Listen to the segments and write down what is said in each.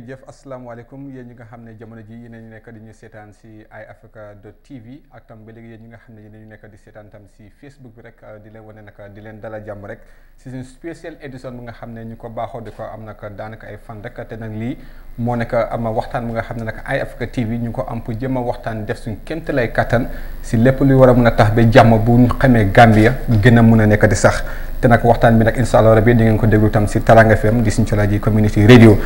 jërëjëf jëf asalaamaaleykum yéen ñi nga xam ne jamono ji yéen ñi nekk di ñu seetaan si Eye Africa dot TV ak tam ba léegi yéen ñi nga xam ne yéen nekk di seetaan tam si Facebook bi rek euh, di leen wane nag di leen dala jàmm rek si suñu spécial édition bi nga xam ne ñu ko baaxoo di ko am nag daanaka ay fan rek te nag lii moo nekk am waxtaan bu nga xam ne nag Africa TV ñu ko am pour jëm a waxtaan def suñu kéemtalaay kattan si lépp luy war a mun a tax ba jàmm bu ñu xamee Gambia gën a mun a nekk di sax te nag waxtaan bi nag incha allah rabi di ngeen ko déglu tam si talanga FM di suñu colaa community radio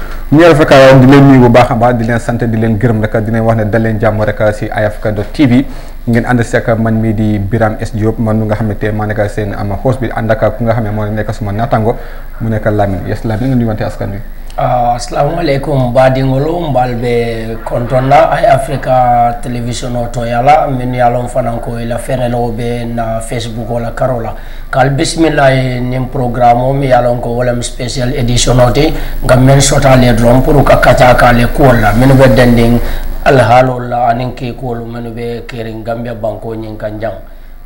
Diagne di leen nuyu bu baax a baax di leen sant di leen gërëm rek di leen wax ne dal leen jàmm rek si afk.tv ngeen ànd si man mii di biram S Diop man nu nga xamante maa nekk seen am host bi ànd ak ku nga xam ne moo nekk suma naataango mu nekk Lamine yes Lamine nga nuyuwante askan wi. assalamu aleykum badingolu mbal ɓe kontonna ay africa télévision o to yala min fananko i la ila be na facebook ola karola kal bisimillahi nin programme mi ye lon ko wolem special édition ti te min sotale dron pour ka kaca kale kuwol la min be dendin alhaalol la anin kekuwolu minnu be kerin gambia banko ñiŋ kan jang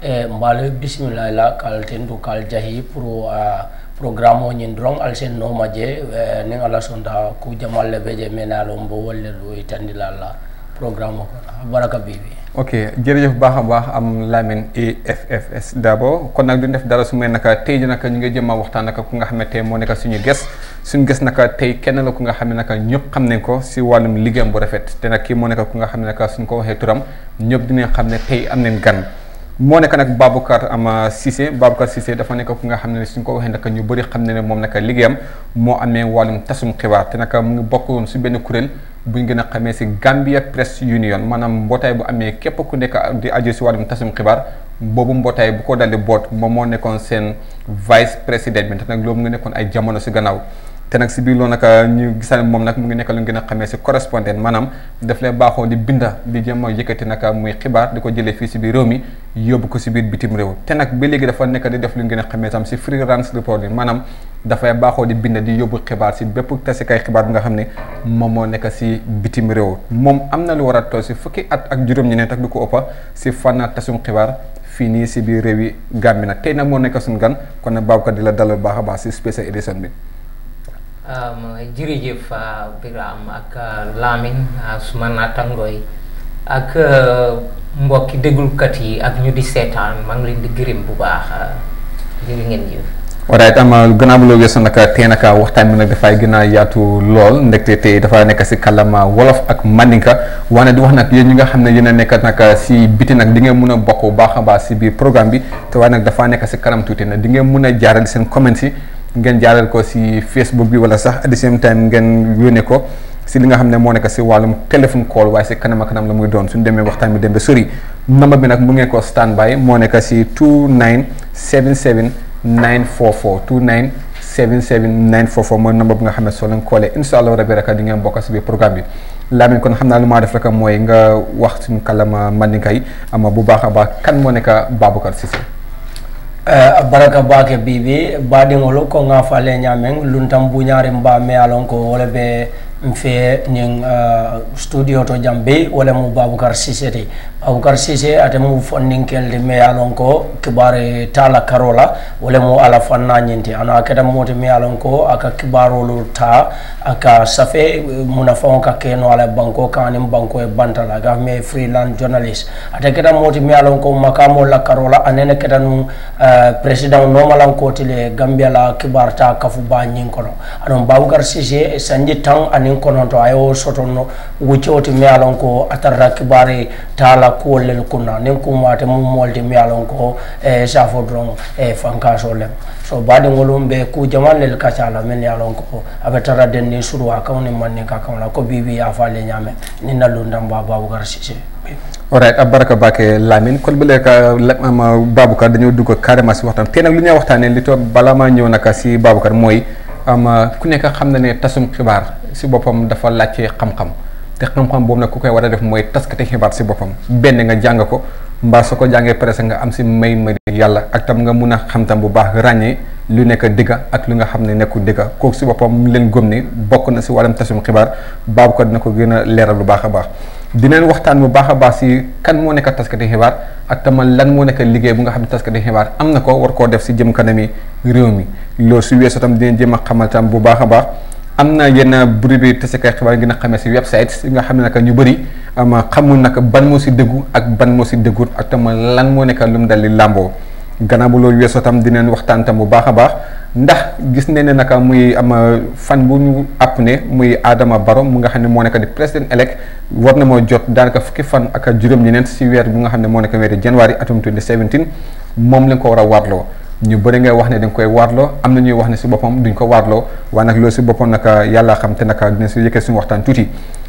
e eh, mbalo bisimillahi la kal tendu kal jahi pour ah, programme o ñin dron alsen jee je e, nin ala sonta ku jamalle be je menalo mbo wolle lu itandila e la programme o baraka bibi ok jërëjëf baax a baax am Lamine EFFS Dabo kon nag duñ def dara su may naka tey ji naka ñu nga jëm a waxtaan naka ku nga xam xamante moo nekk suñu ges suñu ges naka tey kenn la ku nga xam ne naka ñëpp xam nañ ko si wàllum liggéeyam bu rafet te nag kii moo nekk ku nga xam ne naka suñ ko waxee turam ñëpp dinañ xam ne tey am nañ gan moo nekk nag Babacar Ama Cissé Babacar Cissé dafa nekk ku nga xam ne suñ ko waxee nag ñu bëri xam ne ne moom nag liggéeyam moo amee wàllum tasum xibaar te nag mu ngi bokkoon si benn kuréel ñu gën a xamee si Gambia Press Union maanaam mbootaay bu amee képp ku nekk di aju si wàllum tasum xibaar boobu mbootaay bu ko daldi boot moom moo nekkoon seen vice président bi te nag loolu mu ngi nekkoon ay jamono si gannaaw té nak ci biir lo nak ñu gisaan mom nak mu ngi nekkal lu gën xamé ci si correspondant daf lay baaxoo di binda di jëm a yëkëti nak muy xibaar diko jëlé fi ci biir réew mi yob ko ci biir bitim réew té nak ba légui dafa nekk di def lu gën a tam si freelance manam da fay baaxoo di binda di yob xibaar si bépp kay xibaar nga xamné ne mo nekk si bitim réew mom amna lu wara fukki at ak juroom ñene tak du oppa ci si tassum tasum xibaar fini ci biir réew yi Gàmbi nag tey nekk sun gan kon na baabkat di la dalal baaxa baax ci special edition bi jërëjëf ah, Birame ak ah, Lamine ah, suma naataango yi ak mbokki déglukat yi ak ñu di seetaan maa ngi leen di gërëm bu baax jërë ngeen jëf. na tam loo weesu nag tey naka waxtaan bi nag dafay gën a yaatu lool ndekte tey dafa nekk si kàllaama wolof ak mandinka waaye di wax nag yéen ñi nga xam ne yéen a nekk nag si biti nag di ngeen mun a bokk bu baax a baax si biir programme bi te waaye nag dafaa nekk si kanam tuuti nag di ngeen mun a jaaral seen comment yi. ngeen jaaral ko si facebook bi wala sax at the same time ngeen yone ko si li nga xamne mo nek si telephone call way ci kanam ak kanam la muy doon suñu demee waxtaan bi dembe sori number bi nak mu ngeen ko standby mo nek si 2977944 29 77944 number bi nga xamne so lañ ko lé inshallah rabbi rabi rek di ngeen bokk si bi programme bi laamin kon xamna naa lu def rek moy nga wax suñu kalama mandinkay ama bu baakha ba kan mona nek babakar sisi. Eh, baraka bake bibi badiŋolu ko ŋa fale ñameŋ luntan buñarin ba me alon ko wole be mfe nin uh, studio to jambe wala mu babukar sise te babukar sise ate mu fannin kelde me ko kibare tala karola wala mu ala fanna nyinti ana akata moti me yalon ko aka kibarolu ta aka safe uh, munafon ka keno ala banko kanim banko e bantala ga me freelance journalist ate kata moti me yalon ko makamo la karola anene kata nu uh, president normalan ko tile gambia la kibarta kafu ba nyin kono anon babukar sanji tang anin kononto ayo sotonno wuccoti mi alon ko atarra kibari tala kuwollel kunna nin kumate mum molti mi alon ko e safo dron e fankaso lem so baɗigol um ɓe ku jamallel kacala min yalon ko aɓe tara denni surwa kawni manni ka kamla ko bibi yafale ñamen ni nallundan ba babougar sise alright abaraka bake lamine kon bile ka baboucar dañoo dugg carrément si waxtaan te nag lu ñu waxtaanee li to balaa maa ñëw naka si baboucar mooy am ku nekk xam na ne tasum xibaar si boppam dafa laajte xam-xam te xam-xam boobu nag ku koy war a def mooy taskati xibaar si boppam benn nga jàng ko mbaa soo ko jàngee presse nga am si may ma yàlla ak tam nga mun a xam bu baax ràññee lu nekk dëgg ak lu nga xam ne nekkul dëgg kooku si boppam leen gëm ni bokk na si wàllum tasum xibaar baabu ko dina ko a leeral bu baax a baax dineen waxtaan bu baax a baax si kan moo nekk taskati xibaar ak tamal lan moo nekk liggéey bu nga xam ne taskati xibaar am na ko war koo def si jëm kanami mi tam dina a xamal tam bu baax a baax am na yenn bruit bi tasekay xibaar yi ngeen a xamee si website yi nga xam ne nag ñu bëri ma xamul nag ban moo si dëggu ak ban moo si dëggut ak tam lan moo nekk lu mu dal di làmboo gannaaw bu loolu weesoo tam dinañ waxtaan tam bu baax a baax ndax gis nañ ne nag muy am fan bu ñu àpp ne muy Adama Barrow mu nga xam ne moo nekk di président elect war na moo jot daanaka fukki fan ak juróom-ñeent si weer bu nga xam ne moo nekk weeri janvier atum 2017 moom lañ ko war a warloo. ñu bëri ngay wax ne dañ koy waarloo am na ñuy wax ne si boppam duñ ko waarloo waaye nag loolu si boppam naka yàlla xam te naka dina si yëkkati suñu waxtaan tuuti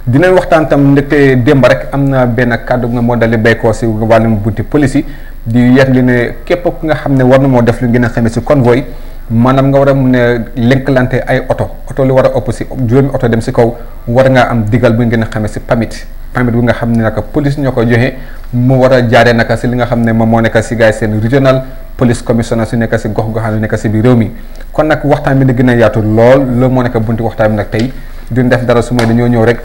dinañ waxtaan tam ndekte démb rek am na benn kàddu nga moo dali béykoo si wàllum bunti police yi di yëgle ne képp ku nga xam ne war na moo def lu gën a xamee si convoy maanaam nga war a mun a lëkkalante ay oto oto lu war a ëpp si juróomi oto dem si kaw war ngaa am digal bu ngeen a xamee si pamit permit bi nga xam ne naka police ñoo ko joxe mu war a jaare naka si li nga xam ne moom moo nekk si gaay regional police commissioner su nekk si gox goxaan yu nekk si biir réew mi kon nag waxtaan bi na gën a yaatu lool loolu moo nekk bunti waxtaan bi nag tey duñ def dara su may dañoo ñëw rek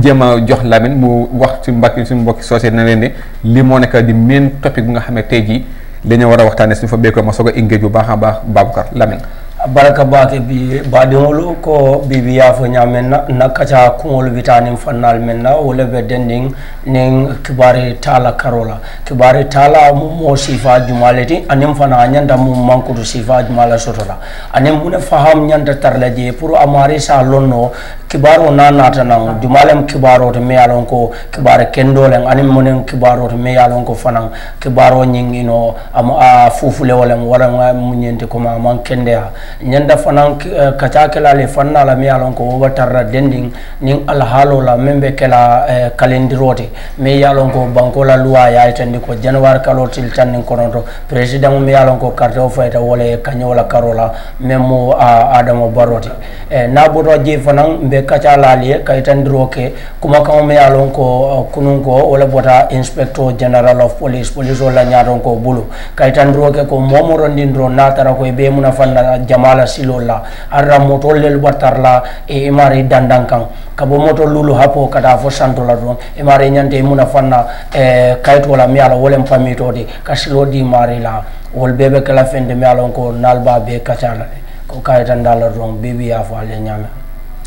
jema jox lamine mu wax ci mbakki suñu mbokki société na leen ne li moo nekk di main topic bi nga xam ne tey jii dañoo war a suñu fa béyko ma soog a bu baax baax babacar lamine baraka bake bi badiŋolu ko bibi ye na na kaca kuŋolu bitanin fannal men na wo le be dendiŋ niŋ kibari tala karo la kibari tala mo sifa juma le ti aniŋ fana a ñanta mu mankutu sifa juma la soto la aniŋ mu ne faham ñanta tara la je pour a maari sa lon no kibaro na nata naŋ juma lem kibaro to me ye lon ko kibari kendo leŋ aniŋ mu neŋ kibaro to me ye lon ko fanaŋ kibaro ñiŋ ino a fufulewo leŋ waraŋ mu ñenti koma a maŋ kendeya ñanda fanan eh, kaca le fanna la mi alon ko woba tarra dending nin alhaalo la membe be kela eh, kalendirote mi yalon ko banko la ya yaytandi ko januwari kalo til cannin konoto president mi yalon ko carte o fayta wole kanyola karola memo a adamo barote eh, na boto je fanan be la le ye kayitandiro ke kuma ko mi yalon ko eh, kunun ko wala bota inspector general of police police wala nyaron ko bulu kayitandiro ke ko momorondindiro na tara ko be muna fanna jam mala silol la arra motol lel wattar la e mare dandan kan ka bo motol lulu hapo kada fo santo la don e mare nyante e muna fanna e kayto la mi ala famito de ka di mare la wol bebe kala fende mi ala ko nalba be kacala ko kayitan dala don bebi ya fo ale nyame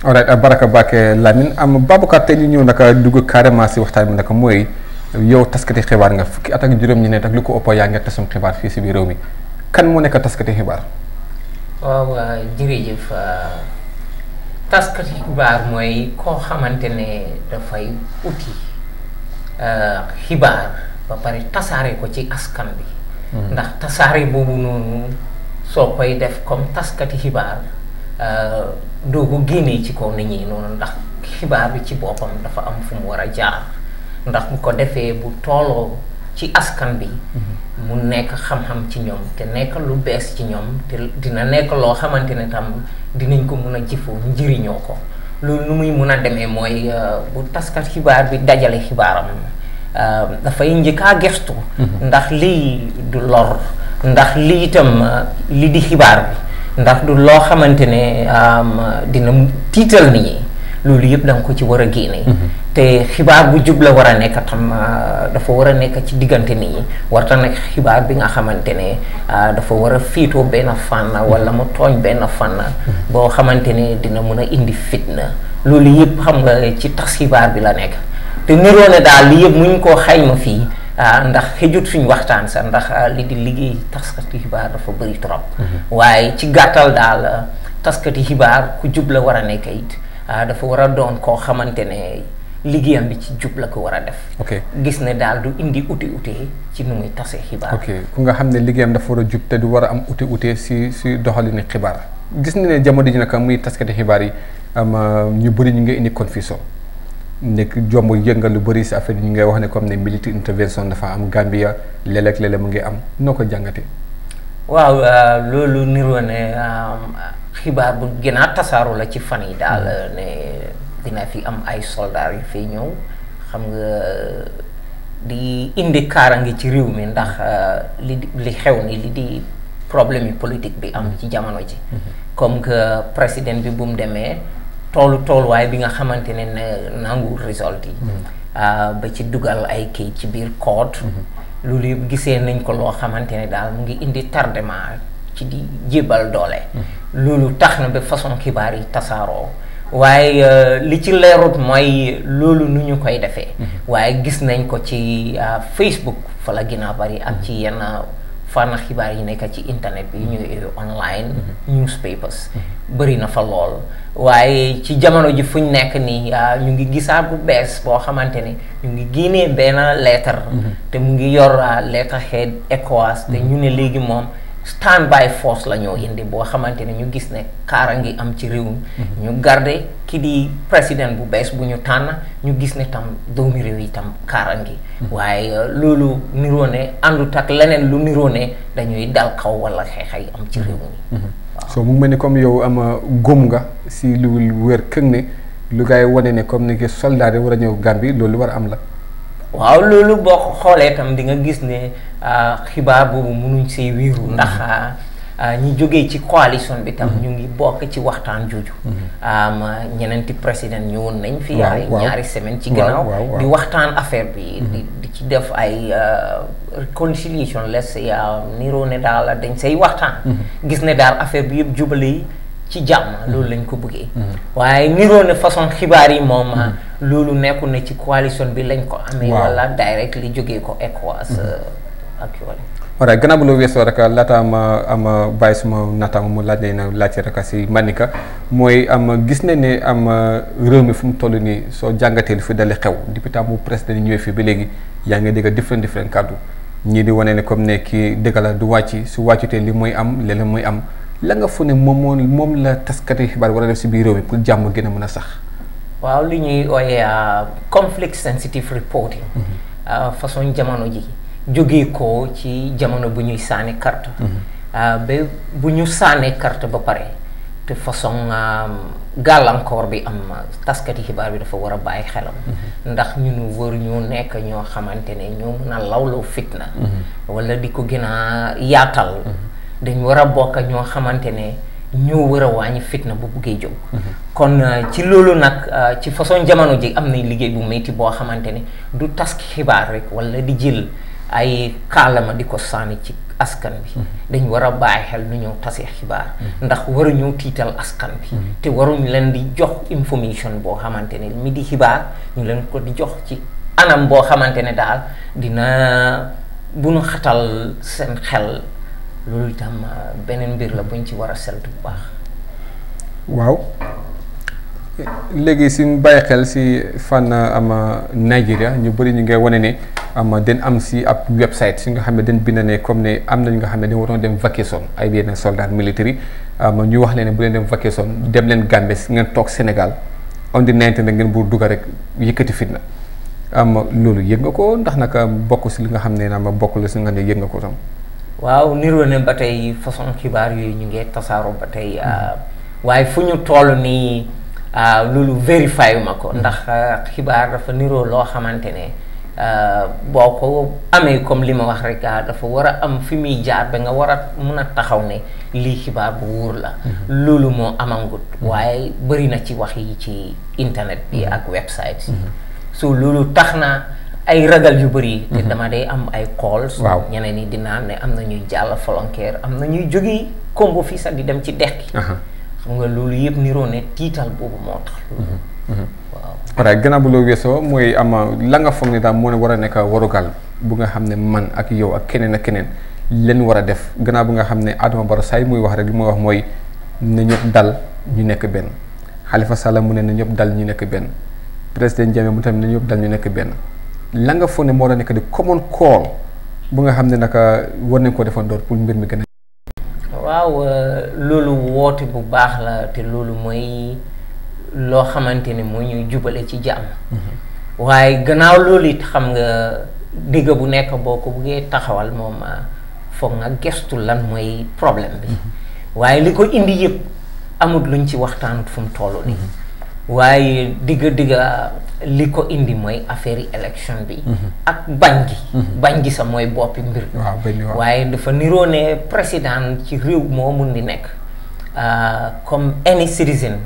alright baraka bake eh, Lamine am Babacar tey ñu ñëw naka dugg carrément si waxtaan bi naka mooy yow taskati xibaar nga fukki at ak juróom ñi ne ak lu ko ëpp yaa ngi tasum xibaar fii si biir réew mi kan mu nekk taskati xibaar waaw jërëjëf taskati xibaar mooy koo xamante ne dafay uti euh, xibaar ba pare tasaare ko ci askan bi hmm. ndax tasaare boobu noonu soo koy def comme taskati xibaar euh, doo ko génnee ci kaw nit ñi noonu ndax xibaar bi ci boppam dafa am fu mu war a jaar ndax bu ko defee bu tooloo ci askan bi hmm. mu nekk xam-xam ci ñoom te nekk lu bees ci ñoom te dina nekk loo xamante ne tam dinañ ko mun a jëfoo njëriñoo ko loolu nu muy mun a demee mooy euh, bu taskat xibaar bi dajale xibaaram euh, dafay njëkkaa gestu mm-hmm. ndax lii du lor ndax lii itam euh, li di xibaar bi ndax du loo xamante ne dina tiital nit loolu yëpp da nga ko ci war a génne. te xibaar bu jub la war a nekk tam ah, dafa war a nekk ci diggante nit warta nag xibaar bi nga xamante ne ah, dafa war a fiitoo benn fànn wala mu tooñ benn fànn boo xamante ne dina mun a indi fitna loolu yëpp xam nga ci tas xibaar bi la nekk te niroo ne daal li yëpp muñ koo xayma fii ah, ndax xëjut suñ waxtaan sax ndax li di liggéey taskati xibaar dafa bëri trop mhm. waaye ci gàttal daal taskati xibaar ku jub la war a nekk it Ah, dafa war a doon koo xamante ne liggéeyam bi ci jub la ko war a def. ok gis ne daal du indi uti utee ci nu muy tasee xibaar. ok ku nga xam ne liggéeyam dafa war a jub te du war a am uti utee si si doxalinu xibaar gis na ne jamono ji naka muy taskati xibaar yi ñu bëri ñu ngi indi confusion nekk jomb yëngal lu bëri si affaire ñu ngay wax ne comme ne militaire intervention dafa am Gambia léeg-léeg mu ngi am noo ko jàngatee. waaw ah, loolu niroo ne xibaar bu gën a tasaaru la ci fan yi daal hmm. ne dina fi am ay soldaar yu fay ñëw xam nga di indi kaara ngi ci réew mi ndax hmm. euh, li li xew ni li di problème yi politique bi am hmm. ci jamono ji comme que président bi bu mu demee toolu waaye bi nga xamante ne nangu result yi euh, ba ci dugal ay kii ci biir code loolu yëpp gisee nañ ko loo xamante ne daal mu ngi indi tardement ci di jébal doole loolu tax na ba façon xibaar yi tasaaroo waaye euh, li ci leerut mooy loolu nu ñu koy defee mm-hmm. waaye gis nañ ko ci euh, Facebook fa la gën a bari ak ci mm-hmm. yenn fànn xibaar yi nekk ci internet bi mm-hmm. ñuy online newspapers bëri na fa lool waaye ci jamono ji fu ñu nekk nii euh, ñu ngi gisaat bu bees boo xamante ni ñu ngi génnee benn lettre te mu ngi yor letterhead ECOWAS te ñu ne léegi moom stand by force la ñoo indi boo xamante ne ñu gis ne kaara gi am ci réew mi. Mhm. ñu garde ki di président bu bees bu ñu tànn ñu gis ne tam doomi réew yi tam kaara gi mhm. waaye euh, loolu niroo ne àndut ak leneen lu niroo ne dañuy dal kaw wala xeexay am ci réew mi. Mhm. so mu mel ni comme yow ama góom nga si lu wér këng ne lu gars yi wane ne comme ni ki soldat yi war a ñëw Gambie loolu war a am la. waaw loolu boo xoolee tam di nga gis ne. Euh, xibaar boobu mënuñ see wiiru mm-hmm. ndax euh, euh, ñi jógee ci coalition bi tam mm-hmm. ñu ngi bokk ci waxtaan jooju mm-hmm. um, ñeneenti président ñëwoon nañ fi ay ñaari semaine ci gannaaw di waxtaan affaire bi di ci def ay réconciliation les yaa niroo ne daal dañ say waxtaan gis ne daal affaire bi yëpp jubale ci jàmm loolu lañ ko bëggee waaye niroo ne façon xibaar yi moom loolu nekkul ne ci coalition bi lañ ko amee wala direct li jógee ko ECOWAS ak yooyu. voilà gannaaw bu la weesoo rek uh, laata ma ama uh, bàyyi suma naataango mu laaj na uh, laaj rek si Manika mooy am gis nañ ni am réew mi fu mu toll nii soo jàngatee fi dale xew depuis temps bu presse ñëwee fii bi léegi yaa ngi dégg different different kàddu ñii di wane ne comme ne kii dëgg la du wàcc su wàccutee li mooy am léeg-léeg mooy am la nga fu ne moom moo moom la taskati xibaar war a def si biir réew mi pour jàmm gën a mën a sax. waaw li ñuy ooyee conflict sensitive reporting. Mm-hmm. façon jamono jóge ko ci jamono bu ñuy sànni carte mhm. ah, ba bu ñu sànnee carte ba pare te façon gàllankoor bi am taskati xibaar bi dafa war a bàyyi xelam mhm. ndax ñunu wër ñoo nekk ñoo xamante ne ñoo mën a lawlaw fitna mhm. wala di ko gën a yaatal dañ war a bokk ñoo xamante ne ñoo war a wàññi fitna bu buggee jóg kon ah, ci loolu nag ah, ci façon jamono ji am na liggéey bu métti boo xamante ne du task xibaar rek wala di jël ay kaalama di ko sànni ci askan bi mm-hmm. dañ war a bàyyi xel nu ñëw tasee xibaar mm-hmm. ndax war a ñëw tiital askan bi mm-hmm. te waruñ leen di jox information boo xamante ne mi di xibaar ñu leen ko di jox ci anam boo xamante ne daal dina bu nu xatal seen xel loolu itam beneen mbir la buñ ci war a sel bu baax waaw léegi suñ bàyyi xel si fànn euh, ama euh, Nigeria ñu bëri ñu ngay wane ne ama euh, den am si ab website si nga xam ne den bind ne comme ne am na ñu nga xam ne dañu waroon dem vacation ay benn soldat militaire ama ñu wax leen ne bu leen dem vacation dem leen si ngeen toog Sénégal on the 19 nag ngeen buur dugga rek yëkkati fitna ama loolu yëg nga ko ndax naka bokk si li nga xam ne ama bokk la si nga xam ne yëg nga ko tam waaw niroo ne ba tey façon xibaar yooyu ñu ngee tasaaroo ba tey waaye waaw euh, loolu vérifié wu ma ko ndax euh, xibaar dafa niroo loo xamante ne euh, boo ko amee comme li ma wax rek ah, dafa war a am fi muy jaar ba nga war a mun a taxaw ne lii xibaar bu wuur la mhm. loolu moo amangut mhm. waaye bëri na ci wax yi ci internet bi mhm. ak website yi so loolu tax na ay ragal yu bari te dama day am ay calls. waaw ñeneen ñi dinaa ne am na ñuy jàll volontaire am na ñuy jóge Kombo fii sax di dem ci dex gi. nga loolu yëpp niroo ne tiital boobu moo tax loolu mm-hmm. waaw right gannaaw bu loolu weesoo mooy ama la nga foog ne daal moo ne war a nekk warugal bu nga xam ne man ak yow ak keneen ak keneen leen war a def gannaaw bu nga xam ne Adama Barrow saa muy wax rek li muy wax mooy ñëpp dal ñu nekk benn Halifa Sallah mu ne ñëpp dal ñu nekk benn président Jammeh mu tamit ñëpp dal ñu nekk benn la nga foog ne moo la nekk di common call bu nga xam ne naka war nañ koo defandoor pour mbir mi gën a waaw euh, loolu woote bu baax la te loolu mooy loo xamante ne moo ñuy jubale ci jàmm. Mm-hmm. waaye gannaaw loolu it xam nga dégg bu nekk boo ko buggee taxawal moom euh, foog nga gestu lan mooy problème bi. Mm-hmm. waaye li ko indi yëpp amut luñ ci waxtaan fum mu toll nii. Mm-hmm. waaye digg digg li ko indi mooy affaire yi élection bi. Mhm. ak bañ gi. Mhm. bañ gi sa mooy boppi mbir waaye dafa niroo ne président ci réew moo mun di nekk euh, comme any citizen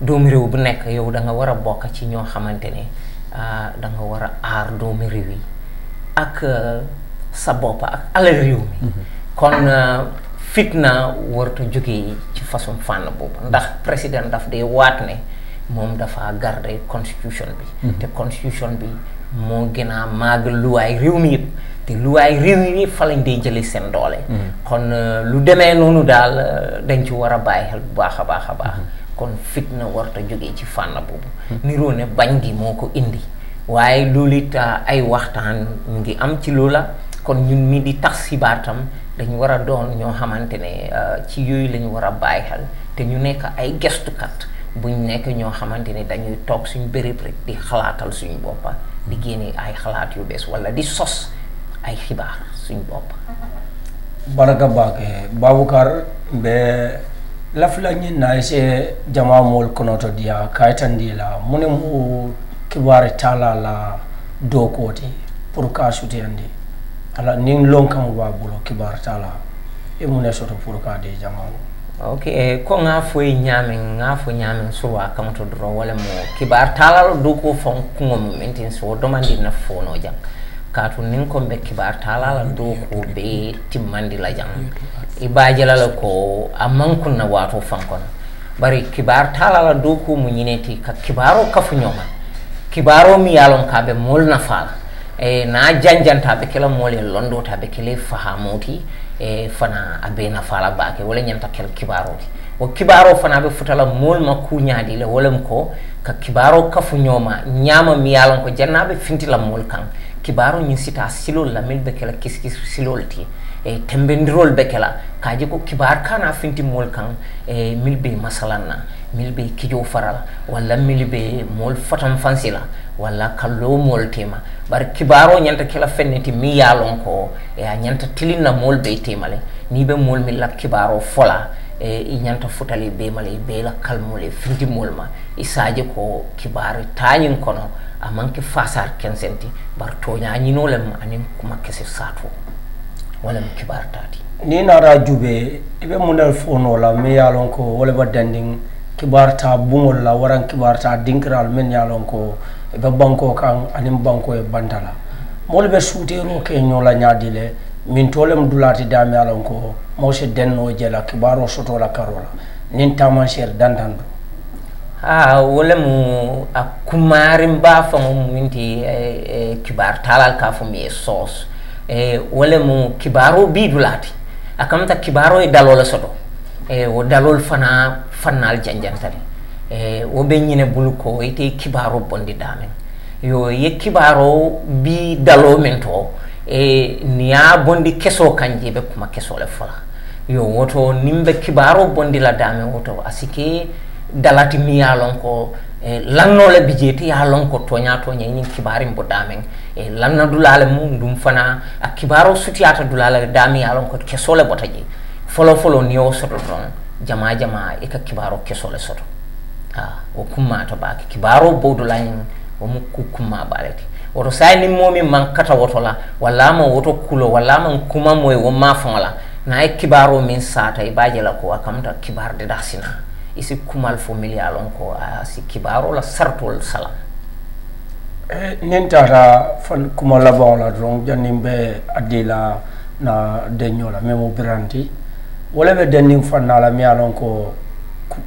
doomu réew bu nekk yow danga war a bokk ci ñoo xamante ne euh, da nga war a aar doomu réew yi ak euh, sa bopp ak alal réew mi. Mhm. kon fitna warut a jógee ci façon fànn boobu ndax président daf dee waat ne. moom dafa garder constitution bi. Mhm. te constitution bi moo gën a màgg luwaay réew mi yëpp. te luwaay réew mi fa lañ day jëlee seen doole. Mhm. kon euh, lu demee noonu daal euh, dañ ci war a bàyyi xel bu baax a baax a baax. Mhm. kon fitna warta jóge ci fànn boobu. niroo ne bañ gi moo ko indi. waaye loolu it euh, ay waxtaan mu ngi am ci loola kon ñun mi di tax si baatam dañu war a doon ñoo xamante ne ci yooyu la war a bàyyi xel te ñu nekk ay gestukat. buñ nekk ñoo xamante ni dañuy toog suñ béréb rek di xalaatal suñ boppa di génne ay xalaat yu bees wala di sos ay xibaar suñ bopp baraka bake eh, babukar be lafilañin na se jama mool konoto diya kayitandi la mu ne mu kibaari taala la dookooti pour ka sutiyandi ala nin lonkamu baa bulo kibaar taala mu ne soto pour ka de jama okay eh, ko ŋa fo ye ñaameŋ ŋa fo ñaameŋ suru a kaŋ to doro wo mo kibaar taala lo do ko faŋ kuŋo mu meŋ tiŋ so wo domandi na fono jaŋ kaatu niŋ ko be kibaar taala la do ko be timmandi la jang i baa je la ko a maŋ kuŋ na waato faŋ kono bari kibaar taala la do ko mu ñine ti ka kibaaroo kafu ñoo ma kibaaroo mi ye a loŋ ka be moolu nafaa la eh, na e janjanta a be ke la moolu ye londoo be ke la E, fana a bena fala bake wala ñanta kel kibaro wo kibaro fana be futala mol ma di le wolem ko ka kibaro kafu nyoma nyama mi yalon ko jannabe fintila mol kan kibaro ñin sita silol la mil kis kis silol ti e be bekela kaji ko kibar kana finti mol kan e mil be masalan na mil be kijo faral wala mil be mol fatam fansila wala kallo mol tema bar kibaro nyanta kala fenneti mi yalon ko e a nyanta tilina mol be temale ni be mol mi la kibaro fola e i nyanta futali be male be la kalmole finti mol ma isaje ko kibaro tanyin kono amanke fasar kensenti bar tonya nyinolem anin kuma kese sato wala mi kibar tati ni na rajube ibe mundal fono la mi yalon ko wala ba dending kibarta buŋol la waraŋ kibarta dinkiral men ye a be banko kaŋ aniŋ banko ye banta la moolu be suuteeroo ke ñoo la ñaadi le miŋ to lemu dulaati daame a loŋ ko moo si dennoo je la kibaaroo soto la karo la niŋ taamanseeri dantaŋ do ah wo lemu a kumaarinbaa faŋo muŋ ti eh, eh, kibaar taalal ka fo mu e sos soos eh, wo lemu kibaaroo bii dulaati a kamata kibaaroo ye daloo le soto Eh, wo dalol fana fannal janjantale e eh, wo be ñine bulu ko ite kibaro bondi damen yo ye kibaro bi dalo men to e niya bondi keso kanje be kuma keso le fola yo woto nimbe kibaro bondi la damen woto asike dalati mi ko e lannole bijeti ya lon ko toña toña ñin kibari mbo damen e lanna dulale mum dum fana a kibaro sutiyata dulale dami ya lon ko kesole botaji fɔlɔfɔlɔ n'i y'o sɔrɔ dɔrɔn jama jama i ka kibaru kɛsɔ le sɔrɔ aa ah, o kun maa b'a kɛ kibaru b'o dɔ o mu ku kun maa b'a la ten woto saa ni momi man kata woto la wala ma woto kulo wala ma kuma mo ye wo ma faŋo na e kibaro min saata e baje la ko a kam ta kibaru de da sina i si kumal fo mili a ko a ah, si kibaro la sartol sala e nin ta fal kuma la bon la don janimbe de na denyo la memo branti wo le be dendiŋ fanna la miŋ ye loŋ ko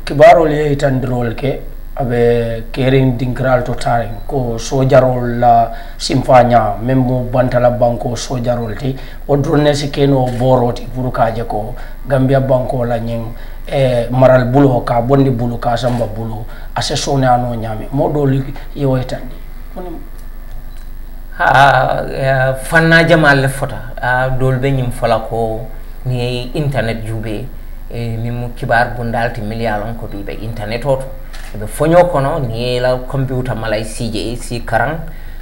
kibaarolu ye itandirolu ke a be keeriŋ dinkiral to taariŋ ko soojarolu la sinfaña meŋ mu bantala banko soojarolu ti wo durne si kenoo booroo ti pour ka je ko gambiya banko la ñiŋ e maral buloo ka bondi bulu ka samba bulu a se sooneya noo ñaame moo doolu ye wo itandi ha uh, eh, fanna jamal fota uh, doolu be ñiŋ fola ko ni internet juube e min mu kibar bu ti milliard on ko be internet o to ɓe foño kono ni la computa malay sije si karan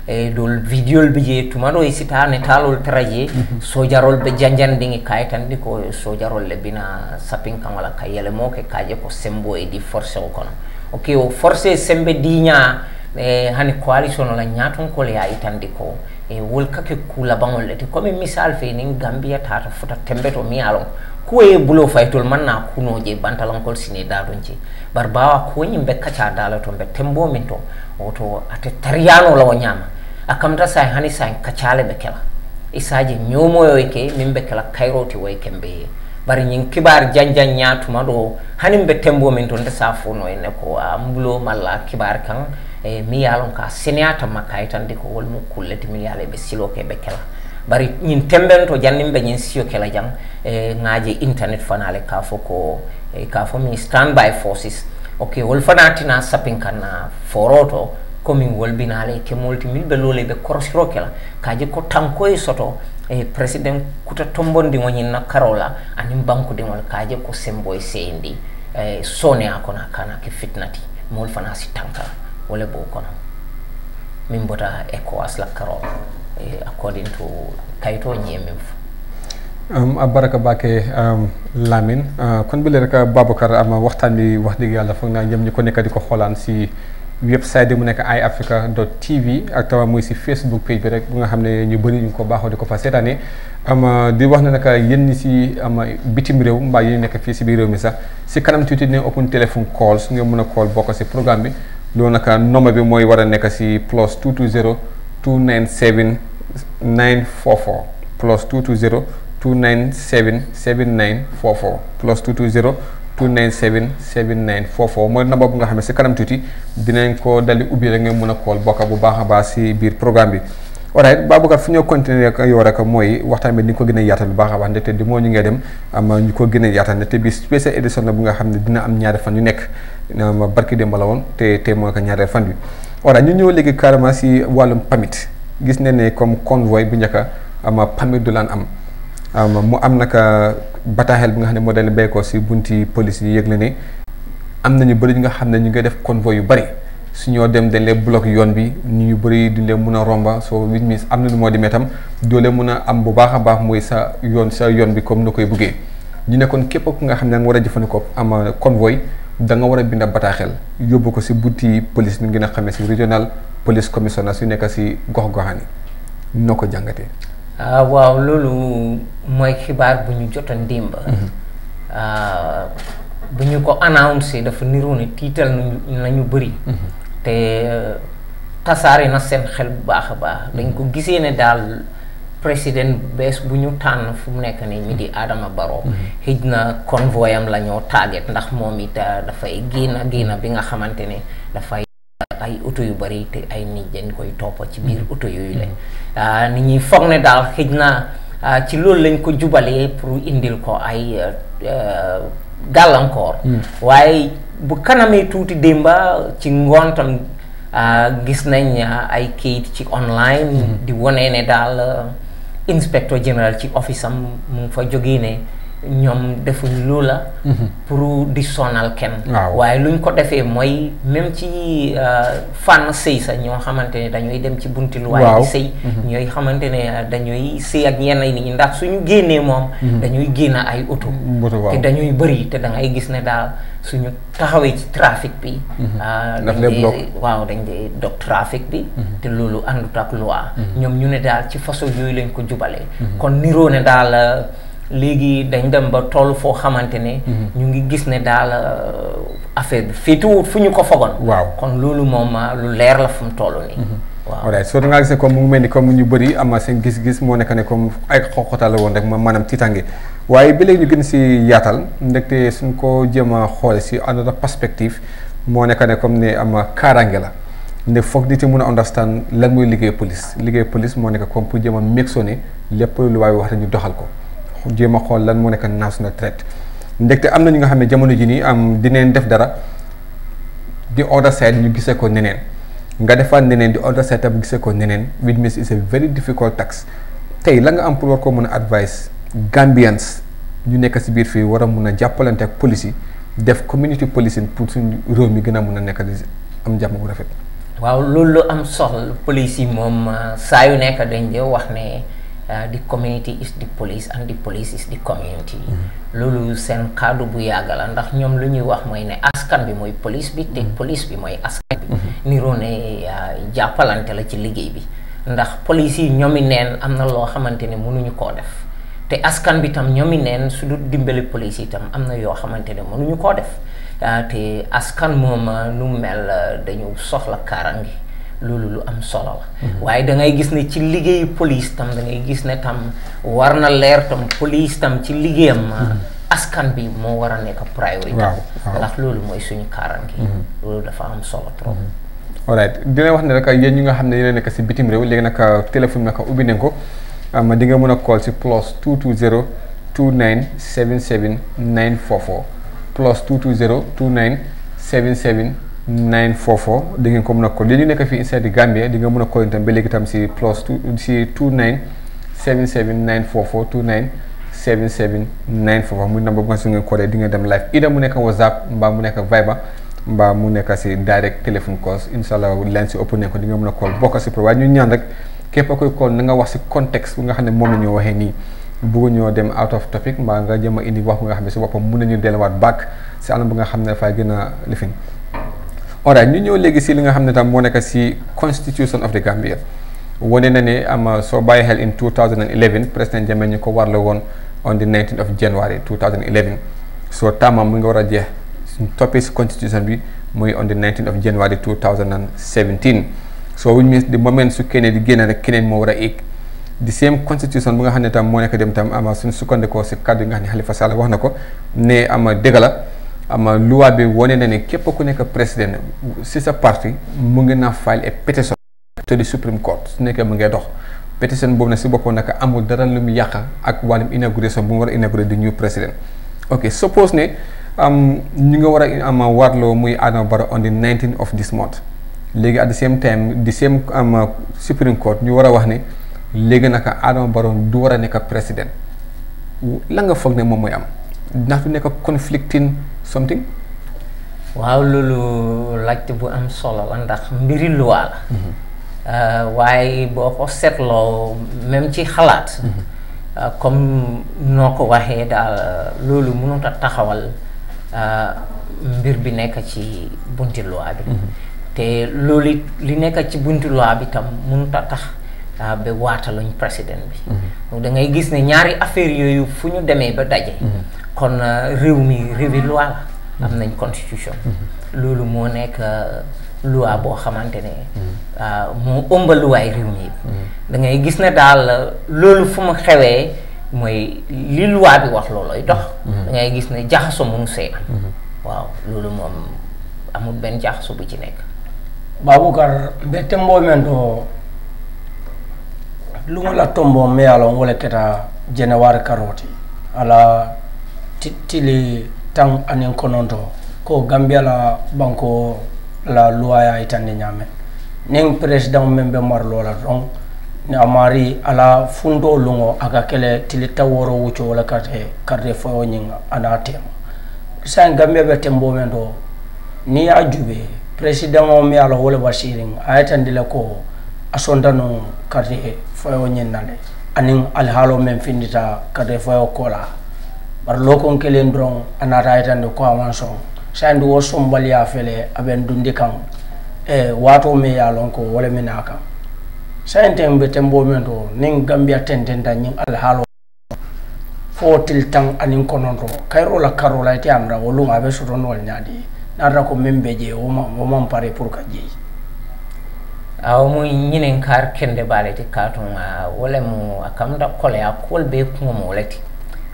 e dol videol ɓe je tumaɗo e sitane talol traje sojarol be janjandiŋi kayitanɗi ko sojarol le bina sapin kan wala ka yelemo ke kaje ko sembo e di forcé o kono ok o forcé sembe diña e hani coalition ola ñaton kol ya itandi ko e eh, wol kake kula baŋol leti comme misal fe niŋ gambiya tata futa tembeto miŋ ye loŋ kuwo ye buloo fayitol maŋ kuno je bantalan kol sine daaduŋ ci bari baawa kuwo ñiŋ be kaccaa dala to be tembo min to woto ate tariano la nyama akam a sai hani sai kachale be ke isaje nyomo yo ke min be kala kairo kayiroo ti wo ye kembe ye bari ñiŋ kibaari janjaŋ ñaa tuma doo be tembo min to nte se no fo ko a mbuloo malla kibar kan e mi ye lon ka seneyata ma kayitande ko wol mum kullete min yaala be silo ke ɓe kela bari ñin temben to jannin ɓe ñin siyo la jang eh, e ŋaaji internet fanale ka fo ko e, ka fo min stand by forces ok wol fana tina sapin na foro to komin wolbinale ke be molti be ɓe loole ɓe korsiro kela kaji ko tankoye soto e eh, president kuta tombondiŋo ñiŋ na karo la aniŋ bankudiŋol ka je ko semboye seyindi e, eh, sooneya kono a kana ke fitina ti moolu fana si tankala wala b'o kɔnɔ min bɔra ECOWAS la kɔrɔ eh, according to kayito ɲɛ min Um, baraka bake um, lamin uh, kon bi rek babacar am waxtaan bi wax dëgg yàlla foog naa ñëm ñi ko nekk di ko xoolaan si website bi mu nekk ay africa dot tv ak tawa muy si facebook page bi rek bu nga xam ne ñu bëri ñu ko baaxoo di ko fa année am um, uh, di wax ne nag yéen si am um, bitim réew mbaa yéen nekk fii si biir réew mi sax si kanam tuuti ne open téléphone calls ngeen mën a call bokk si programme bi loolu nag nombre bi mooy war a nekk si plus 220 297 944 plus 220 297 7944 plus 220 297 7944 mooy nombre bu nga xam ne si kanam tuuti dinañ ko dali ubbi rek nga mën a kool bokk bu baax a baax si biir programme bi. alright Babacar fu ñoo continuer ak yow rek mooy waxtaan bi ni ñu ko gën a yaatal bu baax a baax ndaxte di moo ñu ngay dem am ñu ko a yaatal ndaxte bi special edition la bu nga xam ne dina am ñaari fan yu nekk. ma barki démb la woon te te moo ko ñaareel fan bi voilà ñu ñëw léegi carrément si wàllum pamit gis ne ne comme convoy bu njëkka ama pamit du laan am mu am naka bataaxel bi nga xam ne moo dalee béy ko si bunti police yi yëgle ne am nañu bëri ñu nga xam ne ñu ngi def convoy yu bëri su dem dañ leen bloqué yoon bi ñu ñu bëri duñ mun a romba soo which am na lu moo demee tam doole mun a am bu baax a baax muy sa yoon sa yoon bi comme ni koy buggee ñu nekkoon képp ku nga xam ne nga war a jëfandikoo am convoy da nga war a bind bataaxel yóbbu ko si butti police ñu gën xam xamee si régional police commissionnaire su nekk si gox-goxaan yi noo ko jàngatee. Ah, waaw loolu mooy xibaar bu ñu jotoon démb. Mhm. Ah, bu ñu ko annoncé dafa niroo ne tiital nañu bëri. Mhm. te tasaare na seen xel bu baax a baax mhm. dañ ko gisee ne daal. président bees bu ñu tànn fu mu nekk ni mi di Adama Barrow xëj na convoyam la ñoo target ndax moom it euh, dafay génn génn bi nga xamante ne dafay ay oto yu bari te ay nit koy topp ci biir oto yooyu la euh, nit ñi foog ne daal xëj na euh, ci loolu lañ ko jubalee pour indil ko ay gàllankoor mm. waaye bu kanamee tuuti démba ci ngoontam gis nañ ay kayit ci online mm-hmm. di wone ne daal inspecteur général ci office am mu fa jógee ne ñoom defuñ lu la mhm. pour di sonal kenn waaye luñ ko defee mooy même ci euh, fànn sëy sa ñoo xamante ne dañuy dem ci bunti lu waaye di sëy mhm. ñooy xamante ne euh, dañuy sëy ak yenn nit ñi ndax suñu génnee moom mhm. dañuy génn ay oto te dañuy bëri te da ngay gis ne daal suñu taxawee ci trafic bi euh, dañ dee waaw dañ dee dog trafic bi te loolu àndut ak loi ñoom ñu ne daal ci façon yooyu lañ ko jubalee kon niroo ne daal léegi dañ dem ba toll foo xamante ne. Mhm. ñu ngi gis ne daal euh, affaire bi féetuwut fu ñu ko fogoon. waaw kon loolu moom euh, lu leer la fu mu toll nii. Mhm. waaw alright soo dangaa gisee comme mu mel ni comme ñu bëri am na seen gis-gis moo nekk ne comme ay xoxotal la woon rek ma maanaam tiitange waaye ba léegi ñu si yaatal ndaxte suñ ko jéem a xoole si another perspective moo nekk ne comme ne ama kaaraange la nde foog nit yi mun a understand lan mooy liggéey police liggéey police moo nekk comme pour jéem a mixone lépp lu waaye wax rek ñu doxal ko jéem a xool lan moo nekk national threat ndekte am na ñu nga xam ne jamono ji nii am dineen def dara di order side ñu gisee ko neneen nga defaat neneen di order side tam gisee ko neneen which means it's a very difficult tax tey la nga am pour war ko mën a advice Gambians ñu nekk si biir fii war a mun a jàppalante ak police yi def community policing pour suñu réew mi gën a mun a nekk am jàmm bu rafet. waaw loolu lu am soxla police moom ah, saa yu nekk dañ de wax ne. Uh, the community is the police and the police is the community hmm. Lulu sen kaddu bu yagal ndax ñom lu ñuy wax moy ne askan bi moy police bi te hmm. police bi moy askan bi hmm. niroo ne uh, jappalante la ci liggey bi ndax police yi ñomi neen amna lo xamantene ne mënuñu def te askan bi tam ñomi neen su du police yi tam amna yo xamantene xamante ne mënuñu def uh, te askan moma nu mel uh, dañu soxla kaarangi loolu lu am solo la waaye da ngay gis ne ci liggéeyu police tam da ngay gis ne tam war na leer tam police tam ci liggéeyam mm-hmm. askan bi moo war a nekk priorité ndax loolu mooy suñu kaaraange mm-hmm. loolu dafa am solo trop mm-hmm. alright dina wax ne rek yéen ñi nga xam ne yéen a nekk si bitim réew léegi nag uh, téléphone nag ubbi nañ ko ma um, di nga mën a call si plus 220 29 77 944 plus 220 29 77 nine four four di ngeen ko mën a ko li ñu nekk fii inside Gambia di nga mën a ko itam ba léegi itam si plus two si two nine seven seven nine four four two nine seven seven nine four four muy number bu nga si ngeen koolee di nga dem live ida mu nekk WhatsApp mbaa mu nekk Viber mbaa mu nekk si direct téléphone calls incha allah leen si ëpp ne ko di nga mën a call bokk si pour waaye ñu ñaan rek képp a koy call na nga wax si contexte bu nga xam ne moom la ñu waxee nii bëggu ñoo dem out of nga jëm a indi wax bu nga xam ne si boppam mun nañu delluwaat back si anam bu nga xam ne dafay gën a lifin alright ñu ñëw léegi si li nga xam ne tam moo nekk si constitution of the Gambia wane na ne am um, soo bàyyi xel in 2011 président Jammeh ñu ko warla woon on the 19th of January 2011 soo taamam mu nga war a jeex suñ toppee si constitution bi muy on the 19th of January 2017 so which means the moment su keneen di génn rek keneen moo war a éeg the same constitution bu nga xam ne tam moo nekk dem tam ama um, suñ sukkandikoo si kàddu yi nga xam ne Halifa Sallah wax na ko ne ama um, dëgg la ama loi bi wane na ne képp ku nekk président si sa parti mu ngi naa file et pétition te di Supreme Court su nekkee mu ngay dox pétition boobu nag si boppam nag amul dara lu mu yàq ak wàllum inauguration bu mu war a inauguré di new président ok suppose ne ñu nga war a am warloo muy Adama Barrow on the 19 of this month léegi at the same time the same am Supreme Court ñu war a wax ni léegi nag Adama Barrow du war a nekk président lan nga foog ne moom mooy am something waaw loolu laajte bu am solo la ndax mbiri loi la waaye boo ko seetloo même ci xalaat comme noo ko waxee daal loolu mënut a taxawal uh, mbir bi nekk ci bunti loi bi mm-hmm. te loolu li nekk ci bunti loi bi tam mënut a tax uh, ba waataluñ president bi mm-hmm. da ngay gis ne ñaari affaire yooyu fu ñu demee ba daje mm-hmm. kon réew mi réewi loi la mm-hmm. am nañ constitution mm-hmm. loolu moo nekk euh, loi boo xamante ne mm-hmm. euh, moo ëmb luwaay réew mi da ngay gis ne daal euh, loolu fu mu xewee mooy li loi bi wax looloy dox da ngay gis ne jaxaso mënu see waaw loolu moom amul benn jaxaso bu ci nekk mbette bettembo men ɗo lugola tombo meyalon wole keta jeneware karoti ala tili tan anin kononto ko gambia la banko la luwa ya itande ñamen nin président men be marlo la don amari ala fundo lungo aga kele tili taworo wucho wala karte karte foyo nyinga ana tema san gambia be tembo men do ni ya jube président o mi ala wala basirin ayatande la ko asonda no karte foyo nyinna le anin alhalo men findita karte foyo kola bar lokon kelen dɔrɔn a nata yitande ko a man sayindi wo sɔnbaliya fele a bɛ dundi kan eh, waato min ye a lɔn ko wale min a kan sayin tɛn bɛ tɛn to ni gambiya tɛntɛn ta ni alihaalo fo til tan ani kɔnɔntɔn kayiro la karo la i tɛ andra wolu a bɛ sɔrɔ n'o ɲa de ko min bɛ je o ma pare pour ka je awo mu ɲinin kar kende baale ti ka tun wala a kam da kɔlɛ a kɔl bɛ kuma mu ti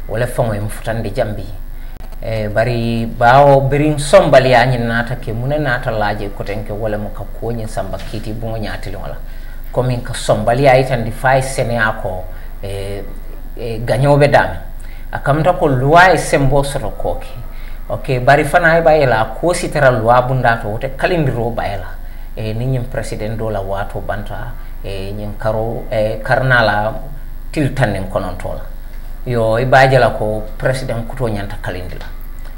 wala faŋo ye futandi jambi e, bari bawo birin sombaliya ñiŋ naata ke mune naata laaje kotenke wala mu ka kuwo ñiŋ samba kiti bungo nyati la komin ka sombaliya yitandi fa ye seneya ko e, eh, e, eh, ganyobe dami daami a kamta ko luwa isembo sembo soto koo ok bari fana ye ba ye la luwa bundato wote kalindiroo ba ye la e, ni ñiŋ president do la banta e, ñiŋ karo e, karna la tilitanniŋ yo i b'a la ko president kuto ñanta la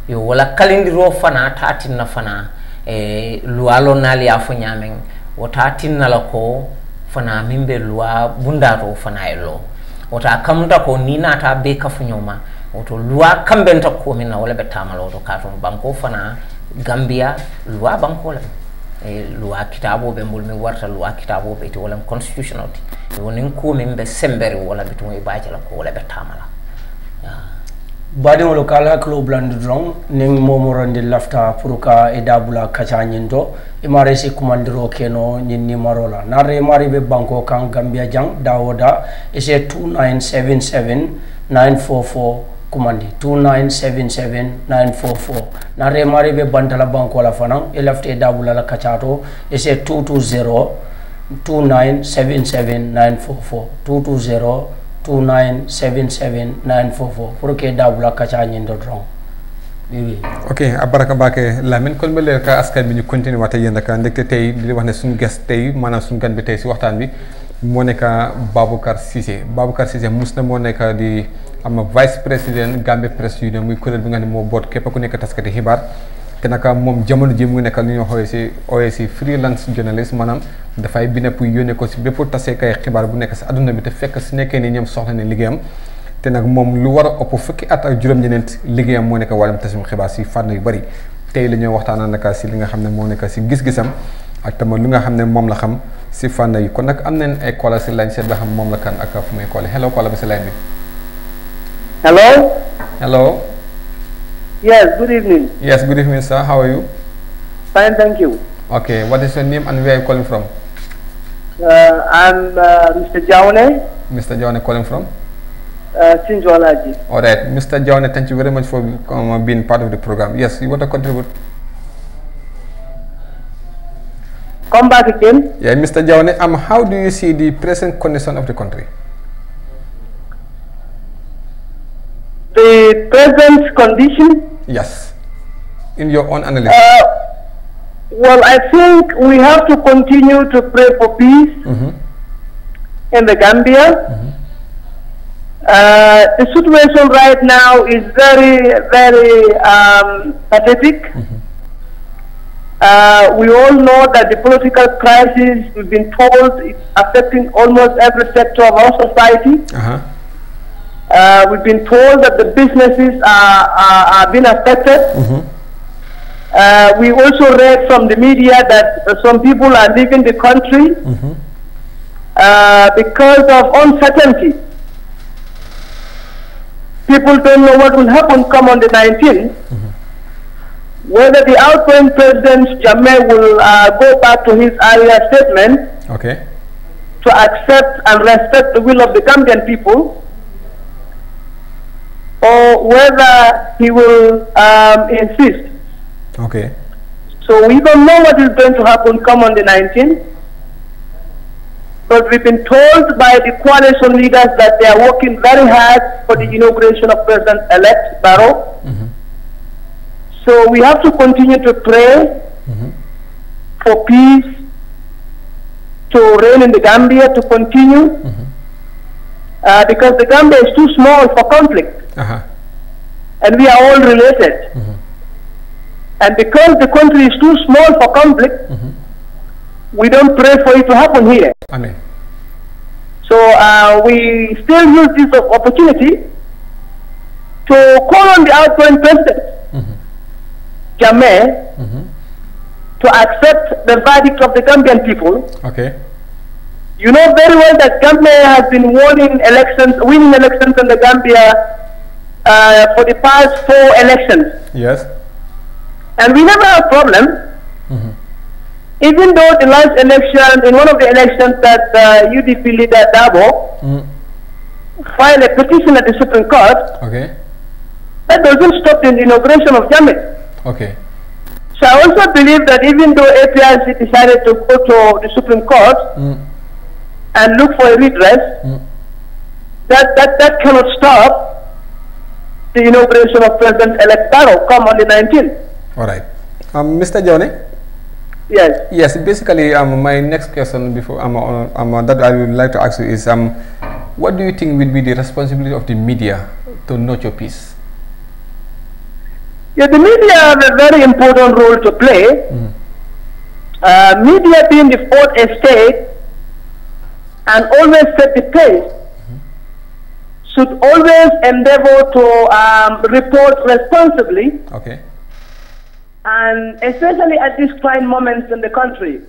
yo wala kalindiro fana tatinna fana e luwa lo naali ya fo ñameŋ wo tatinna la ko fana min be luwa bundato fana ye lo wota kamuta ko ni nata be kafuñoma woto luwa kambenta komin na wala be tamala woto katon banko fana gambia luwa banko le e luwa kitabo be mbol mi warta luwa kitabo be ti wala constitutional ti ko min be sembere wala bitum e la ko wala be tamala baɗiŋo lo kaala hakkilo bulandi doroŋ niŋ momorondi lafita pour ka e dabula kaca ñiŋ to i e maari si kumandiro keno ñiŋ numaro la naare i maari be banko kaŋ gambia jaŋ dawo da i e se 2977 944 kumandi 2977 944 naare i maari be bantala banko la fanaŋ i e lafita e dabula la kaca to i se 220 2977 944 220 2977944 pour ke dabula kaca ñindo dron ok a baraka mbaake Lamine kon ba léegi ka askan bi ñu continuer waxte yéen rek ndekte tey di wax ne suñ ges tey maanaam suñu gan bi tey si waxtaan bi moo nekk Baboucarr Ceesay Baboucarr Ceesay mus na moo nekk di am vice président Gambia Press Union muy kuréel bi nga ne moo boot képp ku nekk taskati xibaar te naka moom jamono ji mu nekk lu ñuy xoolee si ooyee si freelance journalist maanaam dafay bind pour ko si bépp taseekaay xibaar bu nekk si adduna bi te fekk su nekkee ni ñoom soxla ne liggéeyam te nag moom lu war a ëpp fukki at ak juróom-ñeneent liggéeyam moo nekk wàllum tasum xibaar si fànn yu bëri tey la ñuy waxtaanee naka si li nga xam ne moo nekk si gis-gisam ak tamit lu nga xam ne moom la xam si fànn yi kon nag am nañ ay koola si lañ seet xam moom la kan ak fu muy koole hello koola bi si Yes, good evening. Yes, good evening, sir. How are you? Fine, thank you. Okay, what is your name and where are you calling from? Uh, I'm uh, Mr. Jaune. Mr. Jaune calling from? Uh, All right, Mr. Jaune, thank you very much for um, being part of the program. Yes, you want to contribute? Come back again. Yeah, Mr. Jaune, um, how do you see the present condition of the country? The present condition Yes. In your own analysis. Uh, well, I think we have to continue to pray for peace mm -hmm. in the Gambia. Mm -hmm. uh, the situation right now is very, very um, pathetic. Mm -hmm. uh, we all know that the political crisis, we've been told, is affecting almost every sector of our society. -huh. Uh, we've been told that the businesses are, are, are being affected. Mm -hmm. uh, we also read from the media that some people are leaving the country mm -hmm. uh, because of uncertainty. People don't know what will happen come on the 19th. Mm -hmm. Whether the outgoing president Jammeh will uh, go back to his earlier statement okay. to accept and respect the will of the Gambian people or whether he will um, insist. Okay. So we don't know what is going to happen come on the 19th. But we've been told by the coalition leaders that they are working very hard for the inauguration of President-elect Barrow. Mm -hmm. So we have to continue to pray mm -hmm. for peace to reign in the Gambia, to continue. Mm -hmm uh, because the Gambia is too small for conflict. Uh-huh. And we are all related. Mm-hmm. And because the country is too small for conflict, mm-hmm. we don't pray for it to happen here. Amen. So uh, we still use this opportunity to call on the outgoing president, mm-hmm. mm-hmm. to accept the verdict of the Gambian people. Okay you know very well that Gambia has been winning elections, winning elections in the Gambia uh, for the past four elections. Yes. And we never have a problem. Mm -hmm. Even though the last election, in one of the elections that uh, UDP leader Dabo mm. filed a petition at the Supreme Court. Okay. That doesn't stop the inauguration of Jammeh. Okay. So I also believe that even though APRC decided to go to the Supreme Court, mm and look for a redress. Mm. That, that, that cannot stop the inauguration of President-elect Barrow come on the 19th. All right. Um, Mr. Jone? Yes. Yes, basically um, my next question before um, uh, um, uh, that I would like to ask you is um, what do you think will be the responsibility of the media to nurture peace? Yeah, the media have a very important role to play. Mm. Uh, media being the fourth estate and always set the pace. Should always endeavor to um, report responsibly. Okay. And especially at these trying moments in the country,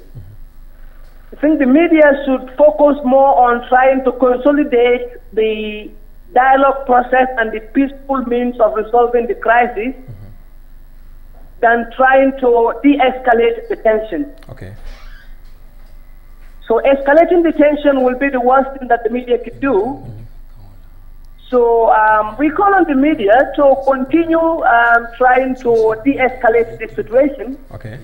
I think the media should focus more on trying to consolidate the dialogue process and the peaceful means of resolving the crisis mm -hmm. than trying to de escalate the tension. Okay. So escalating the tension will be the worst thing that the media could do. So um, we call on the media to continue um, trying to de-escalate the situation okay.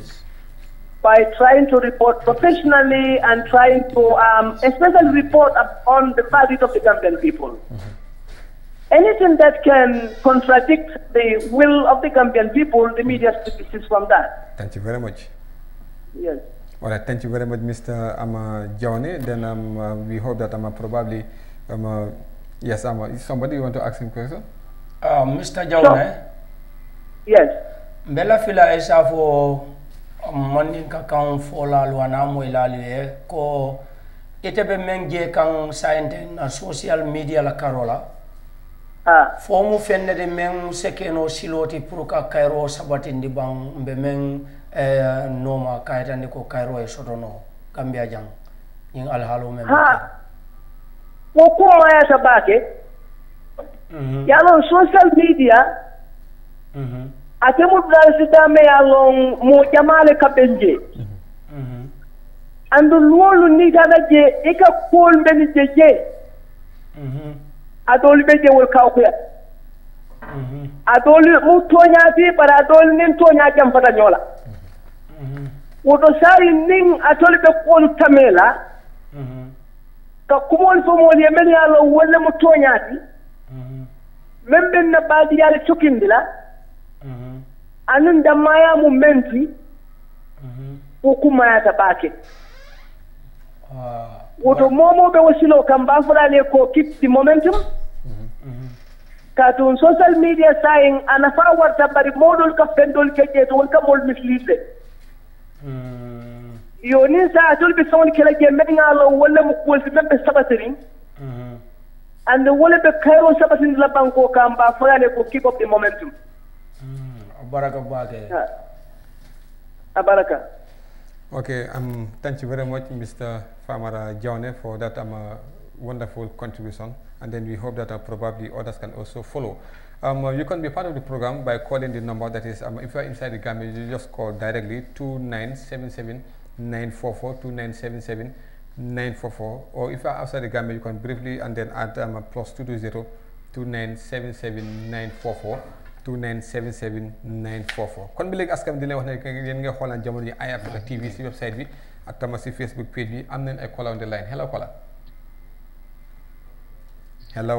by trying to report professionally and trying to um, especially report on the values of the Gambian people. Mm -hmm. Anything that can contradict the will of the Gambian people, the media should desist from that. Thank you very much. Yes. All thank you very much, Mr. Ama Jawne. Then um, uh, we hope that Ama um, uh, probably, um, uh, yes, Ama, um, uh, somebody want to ask him question? Uh, Mr. Jawne? No. Yes. Mbela fila isa e fo mandi um, ka kan fola luana mo ilalu eh, ko ite be mengje kan sainte na social media la karola. Ah. Fo mu fenne de men sekeno siloti pour ka kairo sabatindi bang be men eh, noma ka yetandi ko kayro e sotono kambia jang ñing alhaalo men ha wo kumoyata baake mm -hmm. yalon social media mm -hmm. ate mu dame yalon mo jamale kaɓenje mm -hmm. andu luwolu ni gana je i e ka be ni je je mhm. adoolu be jewol kawkuya mhm. adoolu mu toñaati bara adoolu nin toñaa jam fata ñoola woto sari nin atole ɓe kuwolu tamela ka kumol fomol ye men yaalo wolle mo toñaati men ɓen na baadiyaale cokindila anin dammaya mu menti ko kummayata ɓaake woto momoɓe wasilo kam mbaforale ko kitti momentum ka katum social media sayin ana fa warta bari mawɗol ka fendol keƴƴe to won kamol mislirɗe Mm-hmm. yoni sa tolbe sawon kala je medinga lo wala mo ko fi membe sabatiri mm-hmm. and wala be kairo sabatin la banko kamba fayale ko keep up the momentum mm-hmm. baraka bake baraka okay i um thank you very much mr famara jaune for that um, a uh, wonderful contribution and then we hope that uh, probably others can also follow Um, uh, you can be part of the program by calling the number that is, um, if you are inside the Gambia, you just call directly 2977 944 2977 944. Or if you are outside the Gambia, you can briefly and then add um, a plus 220 2977 944. 2977 944 kon bi léegi askan bi di leen wax ne yéen nga xoolaan jamono ji Eye Africa TV si website bi ak tam Facebook page bi am nañ ay caller on the line hello caller hello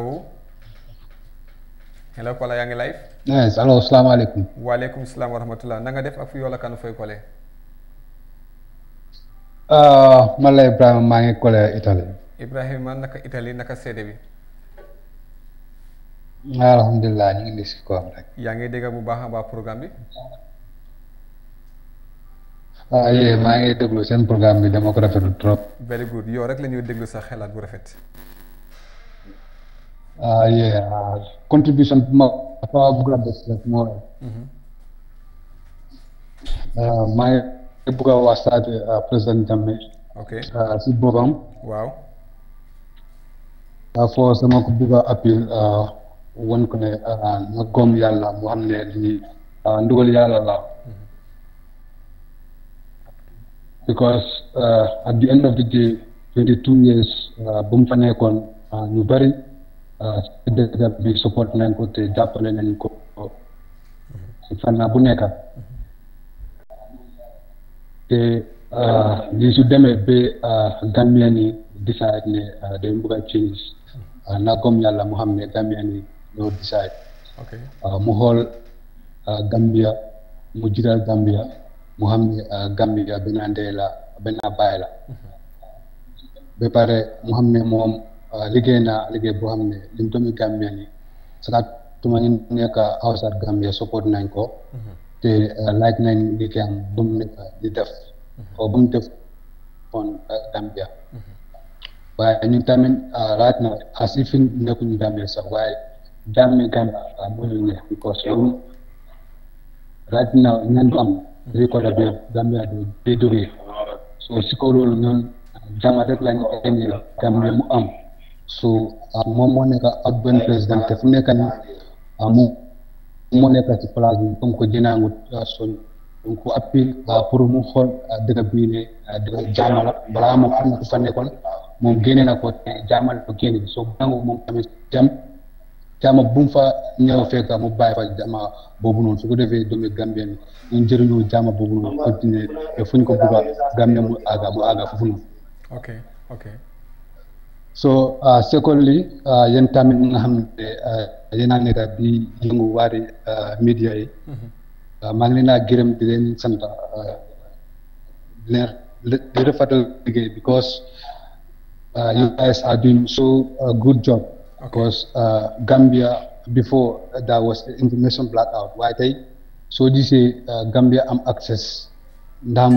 hello kola yaa live yes alaikum. Wa alaikum salaam wa rahmatullah Nanga def ak fu kanu fooy kole man la Ibrahim maa ngi kole Ibrahim Ibrahima naka Italy naka seede bi alhamdulilah ñu ngi di ko am rek yaa ngi dégg bu baax a programme bi Ah, yee iya, mangi ngi déglu bi dama ko very good Yo rek la ñuy déglu sa bu rafet uh, yeah, contribution more program like more. Mm-hmm. Uh, my book was at uh, present me. Okay. Uh, um, Wow. Uh, for some of the uh, appeal uh, won ko ne uh, na gom yalla mu xam ne yalla la. Mm-hmm. Because uh, at the end of the day, 22 years uh, bu mu fa nekkoon uh, dëkk support nañ ko te jàppale nañ ko si fànn bu nekk te ah, lii su demee ba ah, Gambien yi decide ne ah, dañ bëgg change na gom yàlla mu xam ne Gambien yi ñoo decide mu xool Gambia mu jiral Gambia mu xam ne Gambia benn ndey la baay la mhm. ba pare mu xam ne moom Ah, liggéey naa liggéey boo xam ne lim doomi Gambia ni sakat tuma ñu nekk Hausa Gambia support nañ ko mhm. te ah, laaj nañ liggéeyam bu mu nekk di def o bu mu def kon ah, Gambia mhm. waaye ñu tamit laaj na asi fi nekkuñu Gambia sax waaye dami Gambia mu ñu ne because loolu laaj na ñan am li ko def Gambia di duggee so si ko loolu ñun jàmm rek lañ gañe Gambia mu am so ah, moom moo nekk ak benn président te fu nekk ni ah, mu moo nekk ci place bi comme que jënaangut soñ donc ah, appel pour mu xool dëgg bii ne dëgg jaamal balaa moom xam na fa nekkoon moom génne na ko te jaamal ko génne bi soo nangu moom tamit jam jaama bu fa ñëw fekk mu bàyyi fa jaama boobu noonu su ko defee doomi Gambien ñu njëriñoo jaama boobu noonu continuer fu ñu ko bugga Gambien mu àgga mu àgga foofu noonu ok ok so uh, secondly uh, yéen tamit ñi nga xam ne uh, yéen a nekk di yëngu uh, média yi mm-hmm. uh, maa ngi leen a gërëm di leen sant di di rafetal liggéey because uh, you guys are doing so uh, good job okay. because uh, Gambia before there was information blackout Why waaye tey soo gisee Gambia am access ndam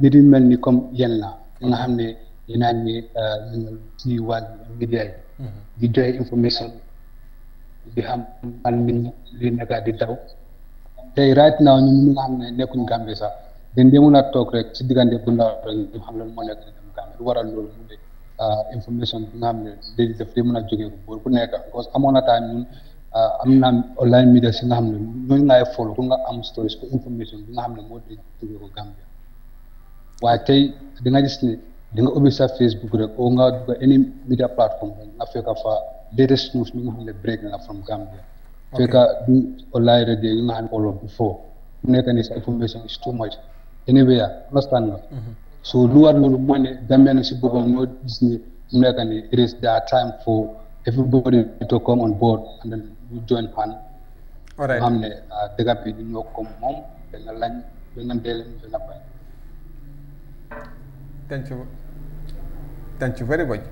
nit yi mel ni comme yéen la nga xam ne ñu naan uh, ni ñu média di information di xam al min li nekka di daw right now ñu ñu nga xam nekkuñ Gambie sax dañ dee mën a rek ci diggante bu ndaw rek ñu xam lan moo nekk dem lu waral mu uh, information bi nga xam ne def day mën a jógee ko bu nekk parce que ñun uh, am online media si nga xam ne ngay follow pour nga am stories ko information bi nga xam ne moo day ko Gambie waaye tey di nga gis di ubbi sa Facebook rek nga any media platform rek nga fekk fa latest news ñu nga xam break na from Gambia. ok fekk du online radio yi nga xam before. mu sa information is too much. anyway understand nga. Mhm. so lu war loolu mooy ne Gambia na si boppam ñoo gis ni it is time for everybody to come on board and then join hand. all right xam ne ah, bi di ñoo comme moom lañ danga delloo danga bañ. thank you. Thank you very much.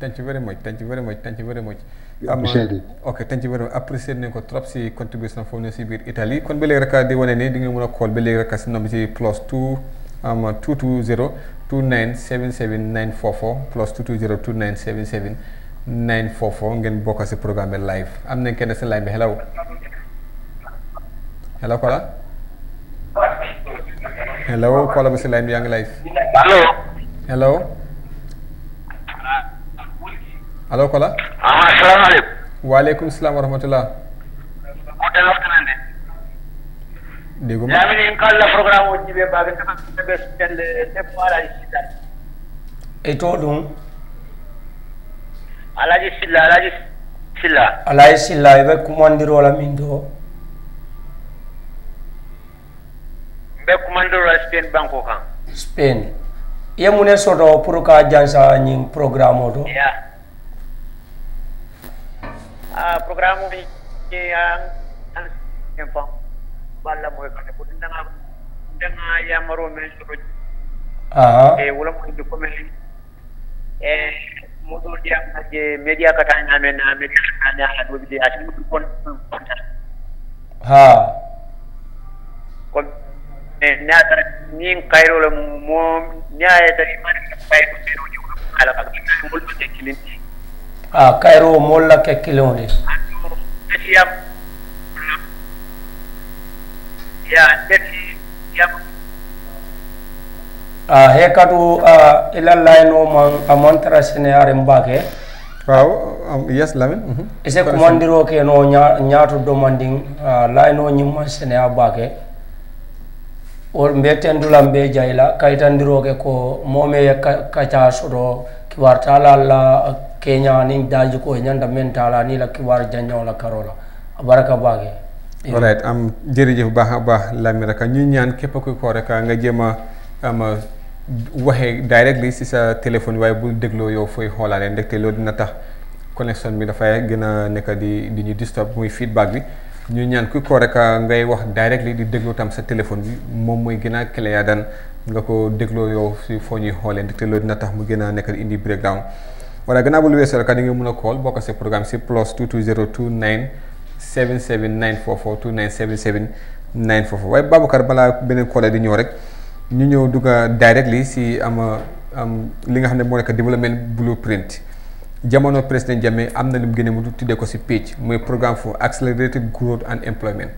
thank you very much thank you very much thank you very much am ok thank you very much apprécié nañ ko trop si contribution foofu ne si biir Italie kon ba léegi rek di wane ni di nga mën a xool ba léegi rek si nombre si plus 2 am 220 29 77 944 plus 220 29 77 944 ngeen bokk si programme bi live am na kenn si live bi hello hello Kola hello Kola bu si yaa ngi live hello alo kola ah, assalamu aleykum waaleykum salam wa rahmatullah moƴƴa naftanande ɗigum yaani kalla programme uji ɓe mbaɓe ɓe ɓelle eh, debbo alaji silla e to ɗum alaji silla alaji silla alaji silla ɓe kumandirola min to ɓe kumandirola spain banque o kan spain yemune soto pour ka jansa ñin programme o to yeah. Ah, program programme yang je an en fam walla moy kane bu danga danga yamaro men so ah Eh, wala mo ndi ko men mo do dia je media ka tan amen na media ka ah. eh, nya ha do bi a tin ko ha Kon e na tar ni kairo le mo nya e tar man kairo ni ala ka mo do te kilin a kayro moolu la kɛ kelenw de a he katu a ah, ila layno man a man tara seneyaren ba kɛ waaw um, yes lamin mhm. mm-hmm. ise kumandiro ke no ñaatu domandin a ah, layno ñimman seneya ba kɛ wol mbe tendula jayla kaytandiro ke ko mome ye kaca soto kiwartala la kenya nin daji ko nyanda men tala ni la kibar janyo la karola baraka bage alright am jërëjëf baax a baax Lamine Raka ñuy ñaan képp kuy ko rek nga jéem a am waxee directly si sa téléphone waaye bul dégloo yow fooy xoolaale ndaxte dina tax connexion bi dafay gën a nekk di di ñu disturb muy feedback bi ñu ñaan ku ko rek ngay wax directly di déglu tam sa téléphone bi moom mooy gën a clear daan nga ko dégloo yow si foo ñuy xoolee te loolu dina tax mu gën a nekk indi breakdown wala gannaaw bu lu weesoo rek da ngeen mën a call bokk si programme si plus 220 29 77 944 29 77 944 waaye Babacar balaa beneen call di ñëw rek ñu ñëw dugga directly si ama am li nga xam ne moo nekk development blueprint jamono président Jammeh am na lu mu génne mu tuddee ko si page muy programme for accelerated growth and employment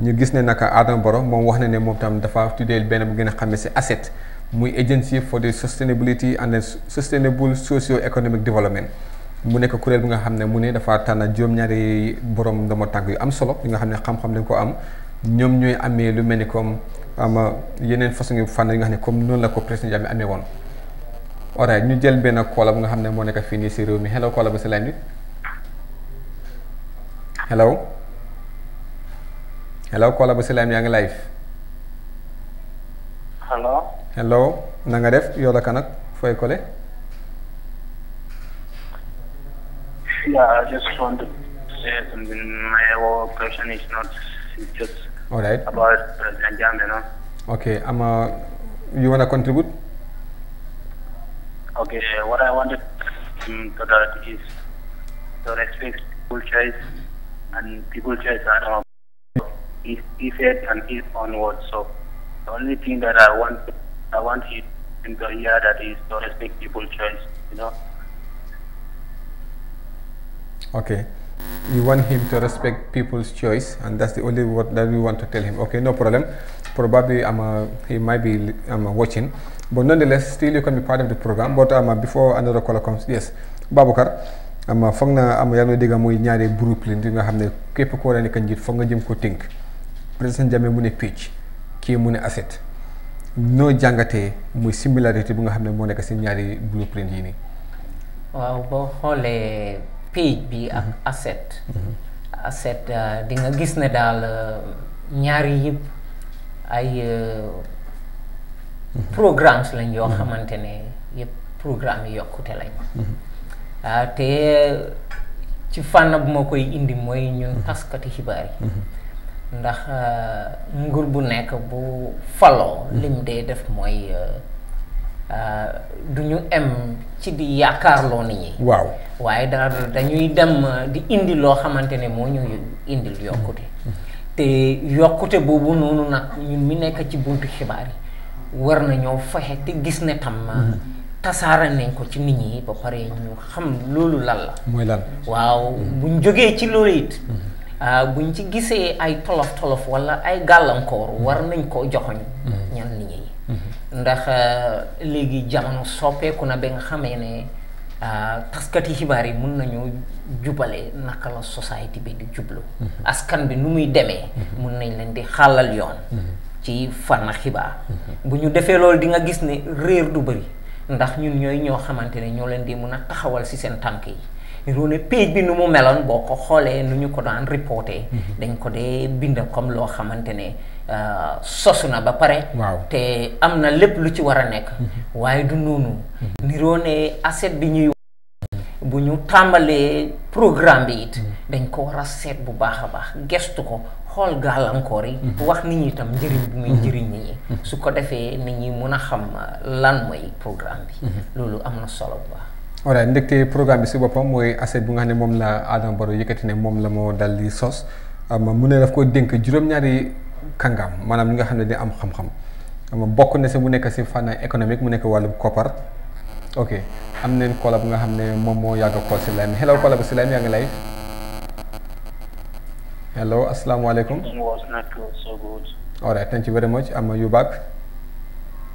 ñu gis ne naka Adama Barrow moom wax na ne moom tam dafa tuddee benn bu gën a xamee si asset muy agency for the sustainability and sustainable socio-economic development mu nekk kuréel bi nga xam ne mu ne dafa tànn juróom-ñaari borom dama tànk yu am solo yi nga xam ne xam-xam dañ ko am ñoom ñooy amee lu mel ni comme ama yeneen façon yu fànn yi nga xam ne comme noonu la ko président Jammeh amee woon. alright ñu jël benn koola bu nga xam ne moo nekk fii nii si réew mi hello koola ba si line bi hello hello koola ba si line yaa ngi live. hello. hello na you are the Kanak for ak fooy yeah I just want to say something my question is not it's just. all right about President Jammeh no. okay i am um, uh, you wanna contribute. okay what I wanted um, to is to respect people's choice and people's choice are our. If if it and if onwards so the only thing that I want to I want him in the year that is the respect people's choice, you know. Okay. You want him to respect people's choice, and that's the only word that we want to tell him. Okay, no problem. Probably I'm um, a, uh, he might be I'm um, uh, watching, but nonetheless, still you can be part of the program. But I'm um, a, uh, before another caller comes, yes, Babukar. am foog naa am yaa ngi dégg muy ñaari groupe li nga xam ne képp koo leen nekk njiit foog nga jëm ko tënk président Jammeh mu ne picc kii asset ñoo jàngatee muy similarité bi nga xam ne moo nekk seen ñaari blueprint yi nii. waaw boo xoolee page bi ak mhm. asset. Mhm. asset euh, di gis ne daal euh, ñaari yëpp ay euh, mhm. programmes lañ yoo xamante ne yëpp programme yi yokkute lañ. Ah, te ci fànn bu ma koy indi mooy ñun taskati xibaar yi. ndax euh, nguur bu nekk bu faloo hmm. lim dee def mooy euh, euh, du ñu em ci di yaakaarloo nit ñi. waaw waaye dara dañuy dem di indi loo xamante ne moo ñu indi yokkute. Hmm. te yokkute boobu noonu nag ñun mi nekk ci buntu xibaar yi war nañoo fexe te gis ne tam. Hmm. tasaara nañ ko ci nit ñi ba pare ñu xam loolu lan la. mooy waaw buñ jógee ci loolu Ah, buñ ci gisee ay tolof tolof wala ay gàllankoor war nañ ko joxoñ mhm. ñan ni ñi mhm. ndax ah, léegi jamono soppeeku na ba nga xamee ne ah, taskati xibaar yi mun nañu jubale naka la society bi di jublu mhm. askan bi nu muy demee mun nañ leen di xàllal yoon ci fànn xibaar bu ñu defee loolu di nga gis ne réer du bëri ndax ñun ñooy ñoo xamante ne ñoo leen di mun taxawal si seen tànk ru ne page bi nu mu meloon boo ko xoolee nu ñu ko daan reporté mhm. dañ ko dee bind comme loo xamante ne euh, sosu na ba pare te am na lépp lu ci war a nekk mhm. waaye du noonu mhm. niroo asset bi ñuy bu ñu tàmbalee programme bi it dañ ko war a seet bu baax a baax gestu ko xool gàllankoor yi wax nit ñi itam njëriñ bu muy njëriñ nit ñi su ko defee nit ñi mun a xam euh, lan mooy programme bi loolu am na solo bu baax voilà ndekte programme bi si boppam mooy assiette bu nga xam ne moom la Adama Barrow yëkkati ne moom la moo dal di sos um, mu ne daf ko dénk juróom-ñaari kàngaam maanaam li nga xam ne di am xam-xam um, bokk na si mu nekk si fànn économique mu nekk wàllub koppar ok am neen koola bu nga xam ne moom moo yàgg a si lay mi hello koola bu si lay mi yaa ngi lay hello asalaamaaleykum. all right thank you very much am you back.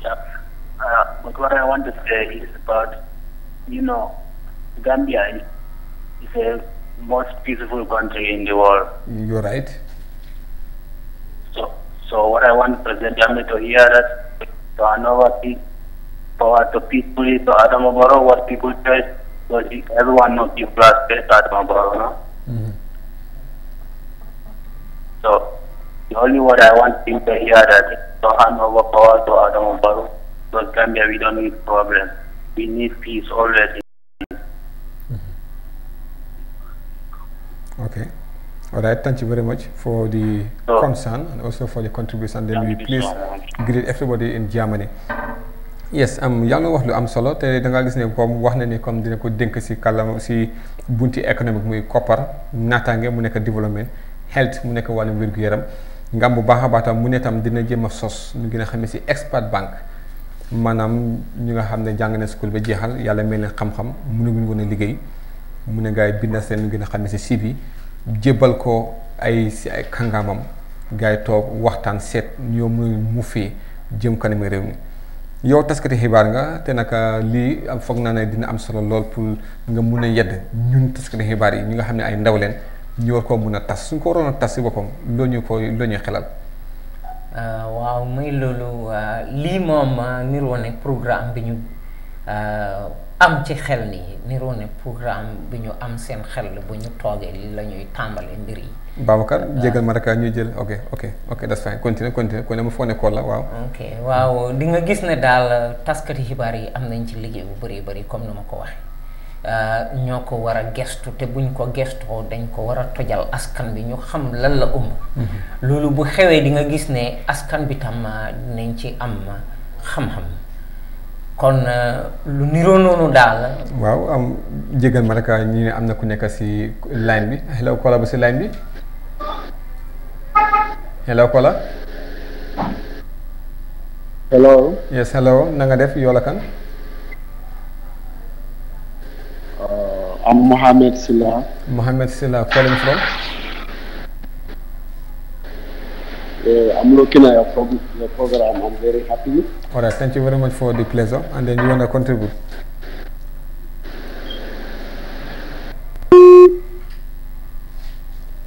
Yeah. Uh, what I you know, Gambia is, the most peaceful country in the world. You're right. So, so what I want President Yami to hear that to Anova power to peacefully to Adamaboro, what people choice, so everyone knows you plus space Adamaboro, no? Mm-hmm. So, the only word I want him to hear that to hand over power to Adamaboro, so Gambia, we don't need problems. we need peace already. Okay. All right, thank you very much for the so, concern and also for the contribution. Then please greet everybody in Germany. yes am um, yaa ngi wax lu am solo te da nga gis ne comme wax na ni comme dina ko dénk si kàllaama si bunti économique muy koppar naataange mu nekk développement health mu nekk wàllum wér-gu-yaram ngam bu baax a baax mu ne tam dina jéem a sos mu gën a xamee si expert bank maanaam ñu nga xam ne jàng na school ba jeexal yàlla mel leen xam-xam mënaguñ woon a liggéey mu ne gars yi bind na seen lu gën a xam ne si si bi jébbal ko ay si ay kàngaamam gars yi toog waxtaan seet ñoo mën mu fee jëm kanami réew mi yow taskati xibaar nga te nag lii foog naa ne dina am solo lool pour nga mun a yedd ñun taskati xibaar yi ñi nga xam ne ay ndaw leen ñu war koo mun a tas suñ ko waroon a tas si boppam loo ñu ko loo ñuy xelal. Ah, waaw muy loolu ah, lii moom ah, niroo ne programme bi ñu am ci xel nii niroo ne programme bi ñu am seen xel bu ñu toogee li la ñuy tàmbale mbir yi. Babacar jégal ma rek ñuy jël ok ok ok that's fine continue continue kon ma foo nekkoon la waaw. ok waaw di nga gis ne daal taskati xibaar yi am nañ ci liggéey bu bëri bëri comme ni ma ko waxee. Eh, ñoko wara guest, a gestu te buñ ko gestoo dañ ko wara tojal askan bi ñu xam lan la um mhm. lolu bu xewé di nga gis ne askan bi tam eh, nañ ci am eh, xam-xam kon lu niro nonu Wow, waaw am jéggal ma rek ñi ne amna ku nekk ci line bi hello kola bu ci line bi hello kola hello yes hello na nga def yola kan I'm Mohamed Silla. Mohamed Silla, calling from? Uh, I'm looking at your, prog your program. I'm very happy. All right, thank you very much for the pleasure. And then you want to contribute?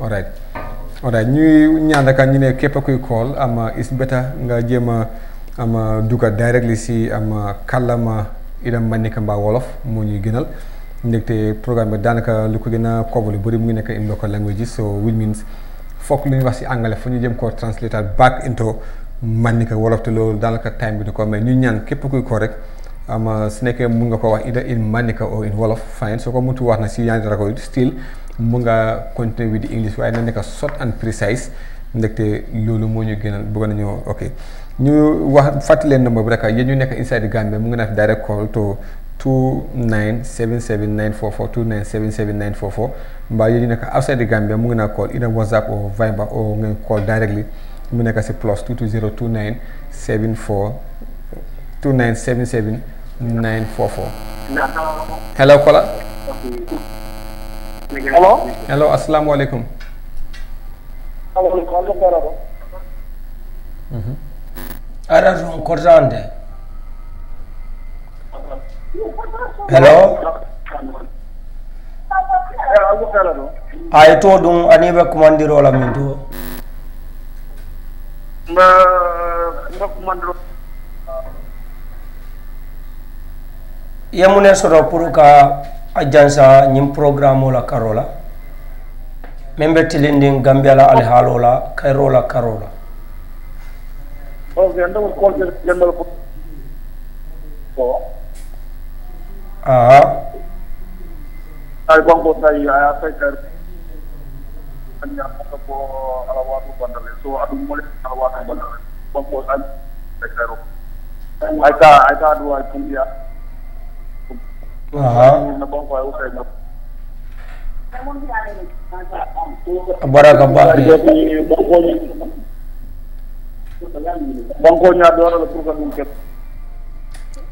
All right. All right. ñuy ñaan ñu ne képp kuy call am is better nga jéem a am dugal directly si am kalama idam manika mbaa wolof moo ñuy gënal. ndaxte programme bi daanaka lu ko gën a cover lu bëri mu ngi nekk in local languages so which means foog lu ñu wax si anglais fu ñu jëm koo translated back into man ni ko wolof te loolu daanaka time bi du ko mais ñu ñaan képp kuy ko rek am uh, su nekkee mun nga ko wax either in manika or in wolof fine soo ko muntu wax na si yaa ngi dara ko still mun nga continue with the english waaye na nekk short and precise ndaxte loolu moo ñu gënal bëgg nañoo ok ñu wax fàttali leen number bi rek yéen ñu nekk inside Gambia mu ngi naan direct call to 2977944 2977944 mbaa yooyu nekk outside the Gambia mu ngi naa call either WhatsApp or Viber or nga call directly mu nekk si plus 2202974 2977944. hello Kola. hello. hello asalaamualeykum. maaleykum salaam. hello ay to ɗum aniɓe kumandirola min to mba mba kumandiro yamune soto pour ka a jansa ñin programme o la karo la min be tilindin gambia la alihaalo la kayro la ko la ko Taibang botai ya saya ker penyampu ke po alawatu bandar so adu mulai alawatu bandar bang bosan saya keru. Aika aika dua itu ya. Nabang kau saya ngap. Barakabah. Jadi bangkonya bangkonya dua ratus kan mungkin.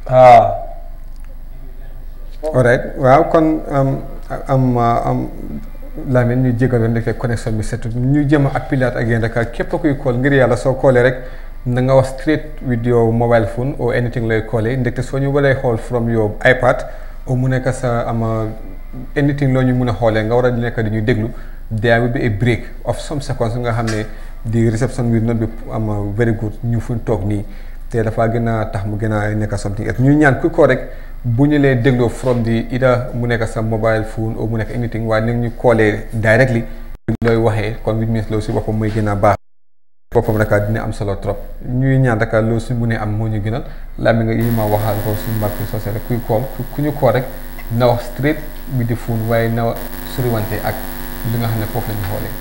Ah. alright waaw kon am am Lamine ñu jégaloon ndeke connexion bi setu ñu jëm a appilaat ak yéen rek képp kuy call ngir yàlla soo callee rek na nga wax straight with your mobile phone or anything lay callee ndekte soo ñu waree xool from your iPad or mu nekk sa ama anything loo ñu mun a xoolee nga war a nekk di ñu déglu there will be a break of some seconds nga xam ne di reception will not be am very good ñu fuñ toog nii te dafaa gën a tax mu gën a nekk something ñaan ku ko rek bu ñu leen dégloo from di ida mu nekk sa mobile phone ou mu nekk anything waaye nañ ñu koolee directly looy waxee kon with means loolu si boppam mooy a baax mu ne am moo ñu gënal laa mi nga yi ma waxal ko suñu mag bi sosé rek kuy koom ku ñu koo rek na wax straight bi di phone waaye na suriwante ak li nga xam ne foofu la ñu xoolee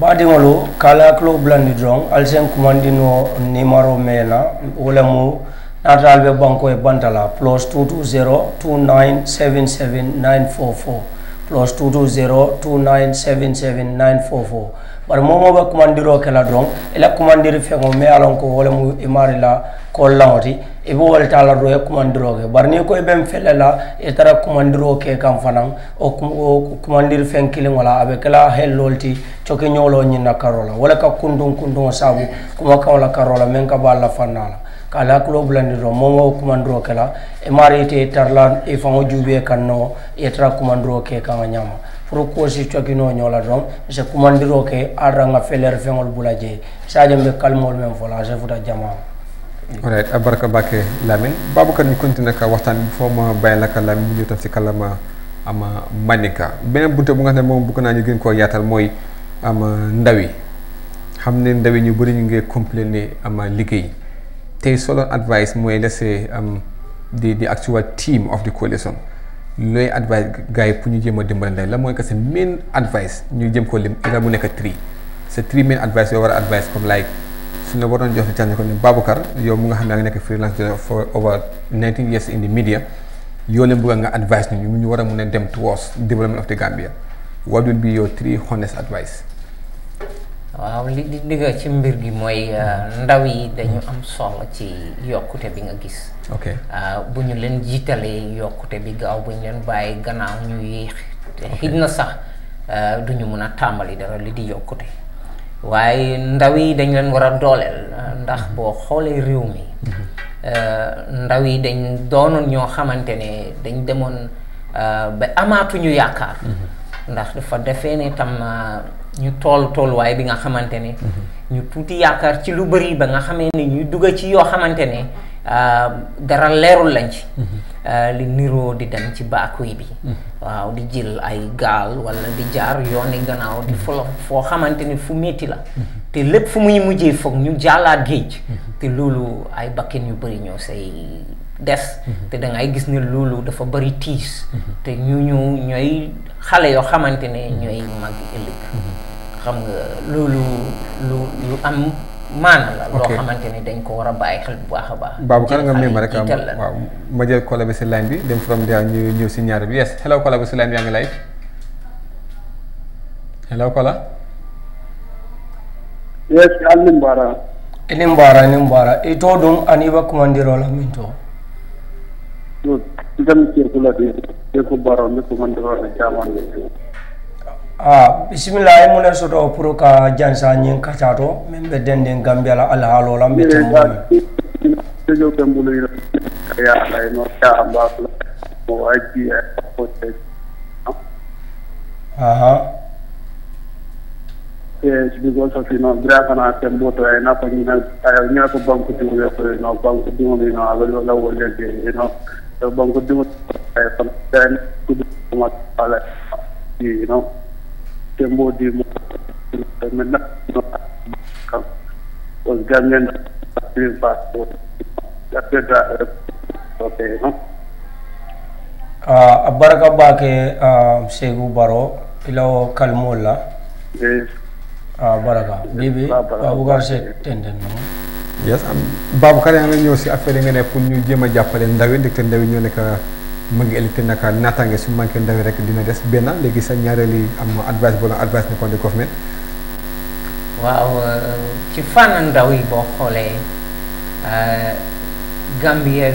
baadiŋolu kala kulo bulandi doroŋ ali seŋ kumandi noo nimaro mee na mu natalɓe banque e bantala plus 220 2977944 plus 220 2977944 bara be commandiro kela la ela commandiri fego mais alon ko wole mu imari e la kollaŋoti i be wole tala do e commandiro e ke bari ni ko i e bem fele la i tara commandiro ke kan fanan o commandiri fe kiliŋo la a be kela hellol ti coki ñolo ñinna karo la wole ka kundun kunduŋo saabu kuma kaŋo la karo la meŋ ka ba la fanna la kala kulo bulandi ro kuman kumandiro kela e mari te tarlan e fango kan kanno e tra kumandiro ke kanga nyama si kosi kino nyola rom se kumandiro ke aranga feler fengol bulaje sajam be kalmol men fola se futa jama alright abaraka bake lamin babu kan kuntina ka watan foma bayla laka lamin ñu tam ci kalama ama manika benen bunte bunga nga xamne mom bu ko nañu moy ama ndawi xamne ndawi ñu bari ñu ama liggéey tey solo advice mooy laisser um, the the actual team of the coalition looy advice gars yi pour ñu jéem a dimbalante la mooy que sa main advice ñu jëm ko lim état mu nekk tri sa tri main advice yoo war a advice comme like su la waroon jox tànn ko ne Babacar yow mu nga xam ne nga nekk freelance for over 19 years in the media yoo leen bëgg nga advice ñu ñu war a mun a dem towards development of the Gambia what will be your three honest advice. waaw li di digga ci mbir gi mooy ah, ndaw yi dañu am solo ci yokkute bi nga gis ok ah, bu ñu leen jiitalee yokkute bi gaaw bu ñu leen bàyyi gannaaw ñu yéex te xij na sax ah, du ñu mun a tàmbali dara li di yokkute waaye ndaw yi dañ leen war a dooleel ndax mhm. boo xoolee réew mi mhm. ndaw yi dañ doonoon ñoo xamante ne dañ demoon ba amaatuñu yaakaar mhm. ndax dafa defee ne tam ñu tol way bi nga xamantene ne mhm. ñu tuti yakar ci lu bari ba nga xamé ni ñu dugg ci yo xamantene ne euh, dara lérul lañ ci mhm. euh, li niro di dem ci baakuy bi mhm. waaw di jël ay gal wala di jaar yoni gannaaw di fo fo xamantene fu metti la te lepp fu muy mujjé fokk ñu jàllaat geej té loolu ay bakken yu bari ñoo say des té da ngay gis ni lulu dafa bari tiis té ñu ñu ñooy xale yoo xamante ne mag ëllëg xam nga loolu lu lu am maana la loo xamante ni dañ ko war a bàyyi xel bu baax a baax baabu kan nga may ma rek am waaw ma jël kola bi si line bi dem from there ñu ñëw si ñaar bi yes hello kola bi si line yaa ngi live hello kola yes alimbara alimbara alimbara ito dum aniba kumandiro la minto dum dam cirkula bi ko baro ne kumandiro la jamon Ah, bisimilahi mune soto pour ka jansa ñin kacato min be denden gambia la alhaalo la mbe temomi aha yes because of you know drive na tembo to na ko ni na ayo ni ko bank ko ni ko no bank ko ni na alo la wo le ke you know the bank ko ni ko ay ko then ko ma te Modi maintenant was baraka bake uh, segu baro ilawo kalmol la yes. uh, baraka bibi babukar se tenden no yes um, babukar ñëw si affaire yi nga ne pour ñu jéem a jàppale ndawi ndekte ndawi ñoo nekk mën nga ëllëg te naka naataange su manqué ndaw rek dina des benn léegi sa ñaareeli am advice boo la advice ne kon ko waaw ci fànn ndaw yi boo xoolee euh, Gambia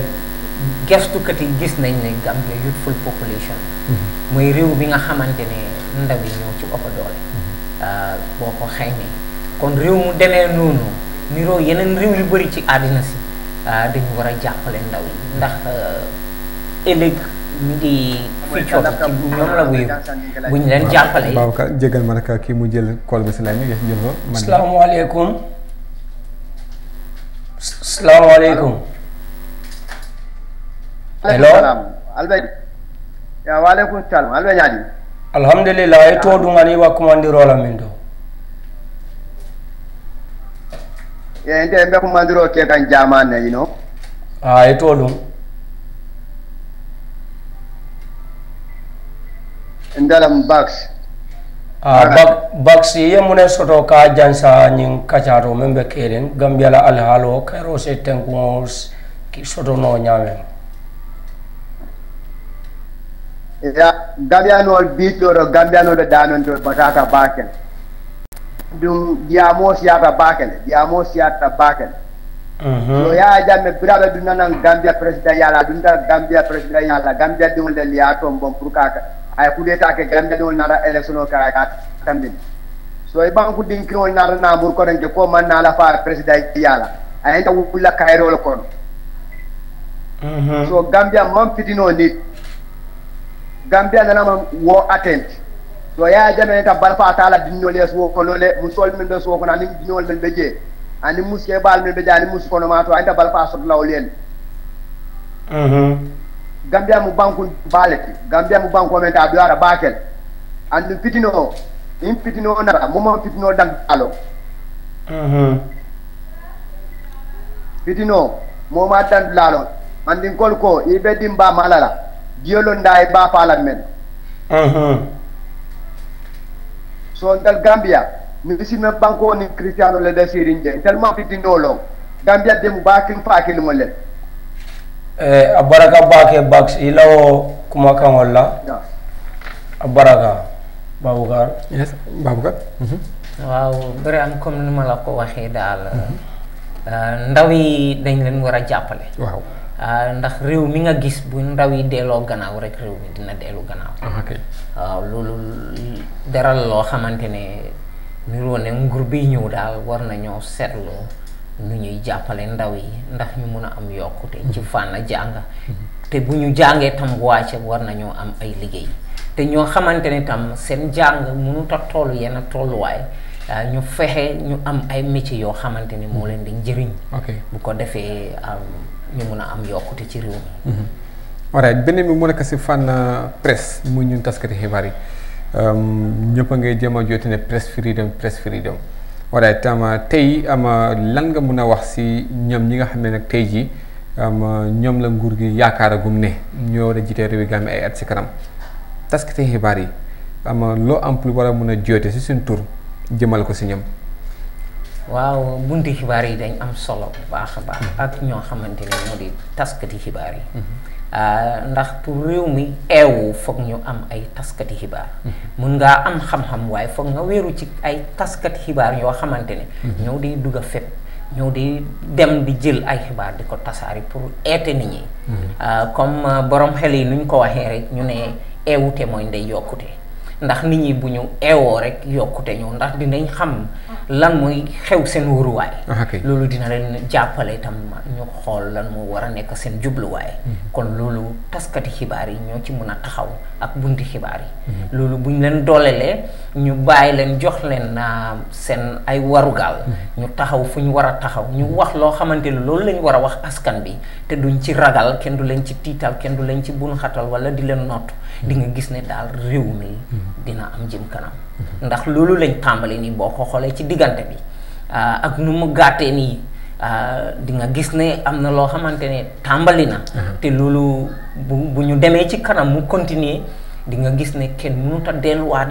gestukat yi gis nañ ne Gambia youthful population. Mm-hmm. muy réew bi nga xamante ne ndaw yi ñoo ci ëpp doole. Mm-hmm. Euh, boo ko xayma kon réew mu demee noonu niroo yeneen réew yu bëri ci àddina si euh, dañu war a jàppale ndaw ndax. ëllëg ñu ngi fii la wuyu leen si lay mi nga jël ko. salaamaaleykum. salaamaaleykum. allo. albe. ya waaleykum salaam albe ñaadi. alhamdulilah e toɗungani wakkumandirola min to ke kan ndalam bax a ah, bak bax ye mune soto ka jansa nyin kacharo membe keren gambia la al halo kairo se tenko ki soto no nyame ya gambia no bito ro gambia no da danon do bataka baken dum diamo siata baken diamo siata baken mhm. so ya jamme biraɓe ɗum nanan gambia président yala ɗum ta gambia président yala gambia ɗum le liya toon bon pour kaka ay kudeta ke gandewol naata élection o kara ka tambini so ay banku din kiro na na bur ko ko man na naala faa président yala ayenta wulla kayrol kono so gambia man fitino ni gambia na nanama wo attend so ya jame ta bal fa taala dinnol les wo ko kono le sol min do so kono anin dinnol men be je ani muske bal min be je ani mus no ma to ayenta bal fa so lawlel mhm gambiyamu bankun baaleti gambiyamu banko men ta ɓe wara baakel andu fitino o in fitino nara momo fitino dan alo mhm. fitino moma dandu laalo andin kol ko i ɓeddin mba malala jiyolon nda e mba faalan men mhm. so ngal gambia mi sinno banko woni christiano le dasiri nje tellement fitino lon gambia demu ba kin faakilmo len Eh, a baraka b'a kɛ bax i lawo kumakanw la a baraka babukar yes babukar mhm. waaw Birame comme ni ma la ko waxee daal mhm. eh, ndaw yi dañ leen war a jàppale waaw eh, ndax réew mi nga gis bu ndaw yi delloo gannaaw rek réew mi dina dellu gannaaw ah, waaw loolu dara loo xamante ne niroo ne nguur bi ñëw daal war na ñoo seetloo nu ñuy jàppale ndaw yi ndax ñu mun a am yokkute ci fànn jàng te bu ñu jàngee tam wàcce war nañoo am ay liggéey te ñoo xamante ne tam seen jàng mënut a toll yenn tolluwaay ah, ñu fexe ñu am ay métiers yoo xamante ni moo leen di njëriñ bu ko defee ñu mun a am yokkute ci réew mi mm-hmm. alright beneen bi mu nekk si fànn presse mu ñun taskati xibaar yi ñëpp a ngay jéem a jooti ne press freedom press freedom alright ama ah, tey ama ah, lan nga mun a wax si ñoom ñi nga xam ne nag tey jii ah, ñoom la nguur gi yaakaaragum ne ñoo war a jiite réewi Gambie ay at si kanam taskati xibaar yi ama loo am lu war a mun a joote si seen tur jëmal ko si ñoom. waaw bunti xibaar yi dañ am solo bu baax a baax ak ñoo xamante ne moo di taskati xibaar yi. Mm-hmm. Ah, ndax pour réew mi eewu foog ñu am ay taskati xibaar mm-hmm. mun ngaa am xam-xam waaye foog nga weeru ci ay taskati xibaar ñoo xamante ne mm-hmm. ñëw day dugg a fépp ñëw di dem di jël ay xibaar di ko tasaari pour eete nit ñi mm-hmm. ah, comme ah, borom xel yi nuñ ko waxee rek ñu ne eewute mooy ndey yokkute ndax nit ñi bu ñu eewoo rek yokkute ñu ndax dinañ xam lan mooy xew seen waruwaay ah, loolu dina leen jàppale itam ñu xool lan moo war a nekk seen jubluwaay mhm. kon loolu taskati xibaar yi ñoo ci mën a taxaw ak bunti xibaar yi mhm. loolu bu ñu leen doolelee ñu bàyyi leen jox leen ah, seen ay warugaal mhm. ñu taxaw fu ñu war a taxaw ñu wax loo xamante ne loolu lañ war a wax askan bi te duñ ci ragal kenn du leen ci tiital kenn du leen ci bunxatal wala di leen nott di nga gis ne daal réew mi dina am jëm kanam. ndax loolu lañ tàmbali nii boo ko xoolee ci diggante bi ah, ak nu mu gàttee nii ah, di nga gis ne am na loo xamante ne tàmbali na. Mhm. te loolu bu bu ñu demee ci kanam mu continuer di nga gis ne kenn mënut a delluwaat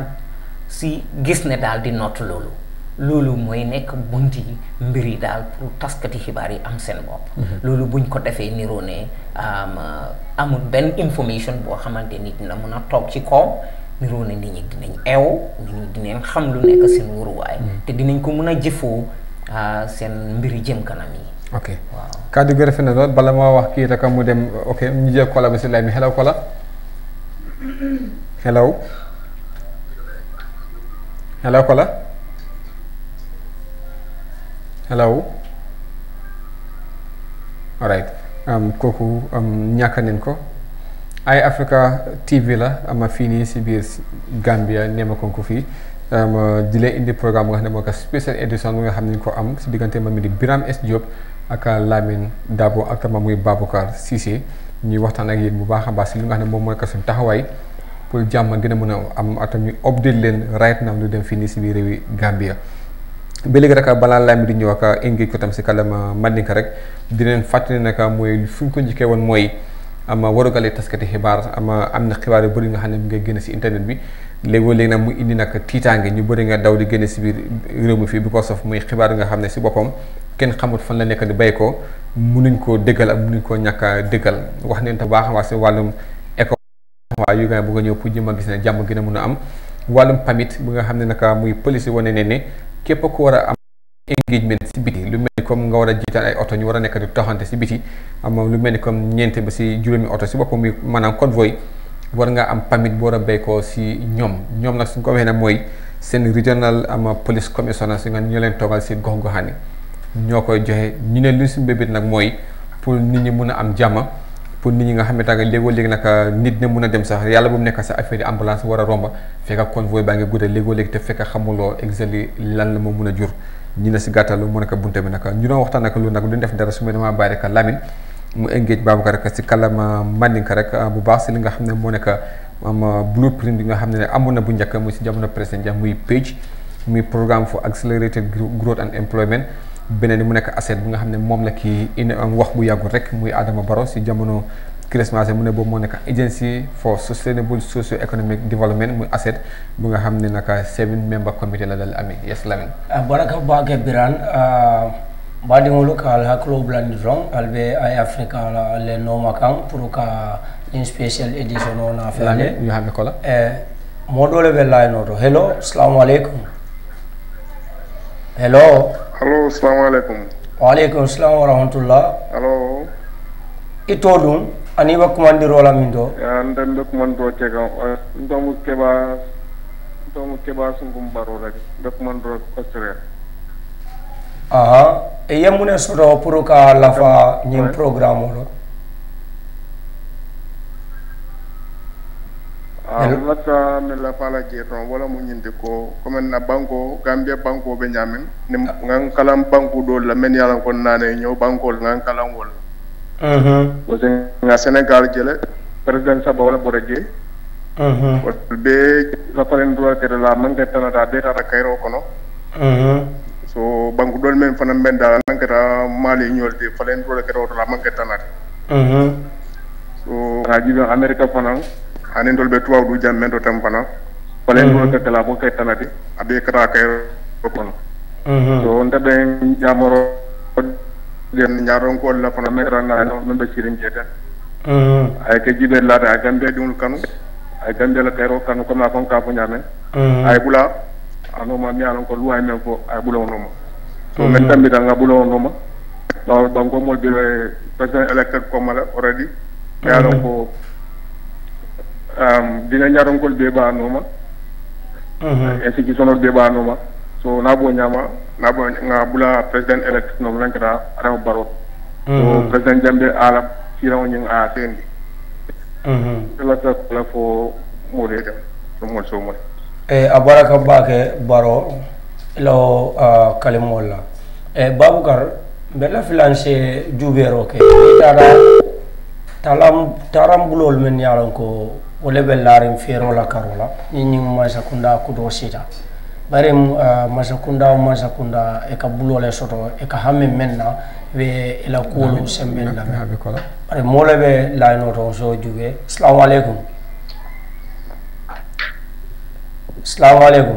si gis ne daal di noot loolu. loolu mooy nekk bunt bunti mbir yi daal pour taskati xibaar yi am seen bopp. Mhm. loolu buñ ko defee niroo ne amul benn information boo xamante ni dina mën a toog ci kaw. niroo ne nit ñi dinañ ew nit ñi dinañ xam lu nekk seen way hmm. te dinañ ko mëna jëfo euh ah, seen mbiri jëm kanam yi ok waaw kàddu gëre fi na bala ma wax ki rek mu dem ok ñu jël kola bi si lay mi hello kola hello hello kola hello alright um, am um, ñaka nañ ko ay africa tv la ama fini ci bir gambia nema konku fii um, di indi programme nga xamne special edition nga xam ko am ci diggante man di biram s diop ak lamine dabo ak tama muy babacar cici ñi waxtan ak yeen bu baax ba ci li nga xamne mom moy pour jamm gëna mëna am atam ñu update leen right now lu dem fini ci bir rew gambia Beli gara rek balaa lamine di ñu ak ingi ko tam si kalama madinka rek di leen fatine naka moy fuñ ko jike won moy ama warugal taskati xibaar ama am na xibaar yu bëri nga xam ne mu ngay génn si internet bi léegoo léegi nag mu indi nag tiitaange ñu bëri nga daw di génne si biir réew mi fii because of muy xibaar nga xam ne si boppam kenn xamut fan la nekk di bay ko munuñ koo dëggal ak munuñ koo ñàkk a dëggal wax nañ te baax waa si wàllum éco waa yu nga bëgg a ñëw pour jëm a gis ne jàmm gën a mun am wàllum pamit bi nga xam ne naka muy police wane ne ne képp ku war a am engagement si biti lu mel ni comme nga war a jiital ay oto ñu war a nekk di taxante si biti am lu mel ni comme ñeent ba si juróomi oto si boppam bi maanaam convoy war nga am permit bu war a bay ko si ñoom ñoom nag suñ ko waxee nag mooy seen regional am police commissioner si nga ñu leen toogal si gox goxaan yi ñoo koy joxe ñu ne lu si mbébét nag mooy pour nit ñi mun a am jàmm pour nit ñi nga xam ne tànga léegoo léegi nag ah, nit ne mun a dem sax yàlla bu mu nekk sa affaire ambulance war a romba fekk convoy baa ngi gudda léegoo léegi te fekk lan la a jur ñu ne si gàttal mu nekk bunte bi naka ñu doon waxtaan ak lu nag duñ def dara su ma damaa bàyyi rek Lamine mu engage Babacar rek si kàllaama Mandinka rek ah, bu baax si li nga xam ne moo nekk am ah, blueprint bi nga xam ne amoon na bu njëkk mu si jamono président Jammeh muy PAGE muy programme for accelerated growth and employment beneen bi mu nekk asset bi nga xam ne moom la kii indi ah, wax bu yàggul rek muy Adama Barrow si jamono. Chris Massé mu ne boobu moo nekk agency for sustainable socio economic development muy ASET bu nga xam ne naka seven member comité la dal ami yes lamin ah, baraka bake biran ah, baadiŋolu ka ala hakkiloo bulandi doroŋ ali be ay africa la le nooma kan pour ka ñiŋ special edition o naa feŋ le ñu hami ko la moo doo le laay noo to hello salamu aleykum hello hello salamu waaleykum salaam wa rahmatullah hello itoo ani ba kumandiro la min do ya ndan do kumandiro ce kan ndo mu keba ndo mu keba sun gum baro rek do kumandiro australia aha e yamune soto pour ka lafa nyim programme lo alata ne la fala wala mu ñindi ko na banko gambia banko be ñamen ni kalam banko do la men yalan kon nane nyo banko ngang kalam wala Uh-huh. nga sénégal jële président saba wala boraje uh-huh. be safarenduwa kedela manketanata be tata kayro kono uh-huh. so banque ɗon men fana mbendala nanketa maali ñolde falenduwola kedowotola manketanata so ha jiɓe amérique fana hanin tol ɓe tuwaw du jam men to tem fana falenduwola kedela bo ketanati aɓe kata kayro kono so ndeɓe jamoro nden ñaaronkol la kono merannaani on ɗum ɓe cirim jeeten ay ke jiɓel laade ay gambie ɗuml kanu ay gambie la kayro kanu comme a kon kaa fo ñaamen mm. ay ɓula anoma mi alon ko luway men fo ay ɓulawonoma so min mm. tambitan nga ɓulawonoma ɓaw ɓangomol ɓe eh, président élected commala already mi mm. alon ko dina ñaaronkol ɓe ɓaanoma mm-hmm. institutionnel ɓe ɓaanoma so na naabo ñama naabo nga bula president elect no lankata araw baro so mm-hmm. president jambe ala sirawo ñing a sendi ela mm-hmm. ta kula fo mole dem so mol so mol e eh, a baraka baake baro lo ah, kalimol la e eh, babukar mbela filanse juubero ke tara talam taram bulol men yalan ko o lebel larin fero la karola ñi ñi ma sakunda ku do sita bari uh, masakunda o masakunda e ka bulo le soto e ka hame men na be ila kuolu semben la bari le be la no to so jube assalamu alaikum assalamu alaikum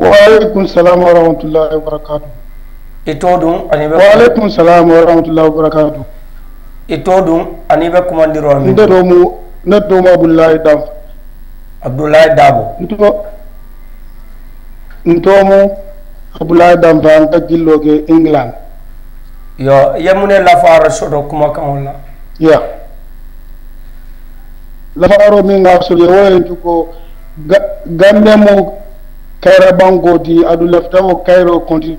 wa alaikum salam wa rahmatullahi wa barakatuh ito dum ani be wa alaikum salam wa rahmatullahi wa barakatuh ito dum ani be kumandiro mi ndedo mu neddo mo abdullahi dabo abdullahi dabo ntomu abula danfa n ka jilloo ke england yo ye mu ne lafaaro soto kumakaŋo la ya lafaaro miŋ ŋa soto ye wo ye ko gambe mu kayra banko ti adu laftaŋo kayro continue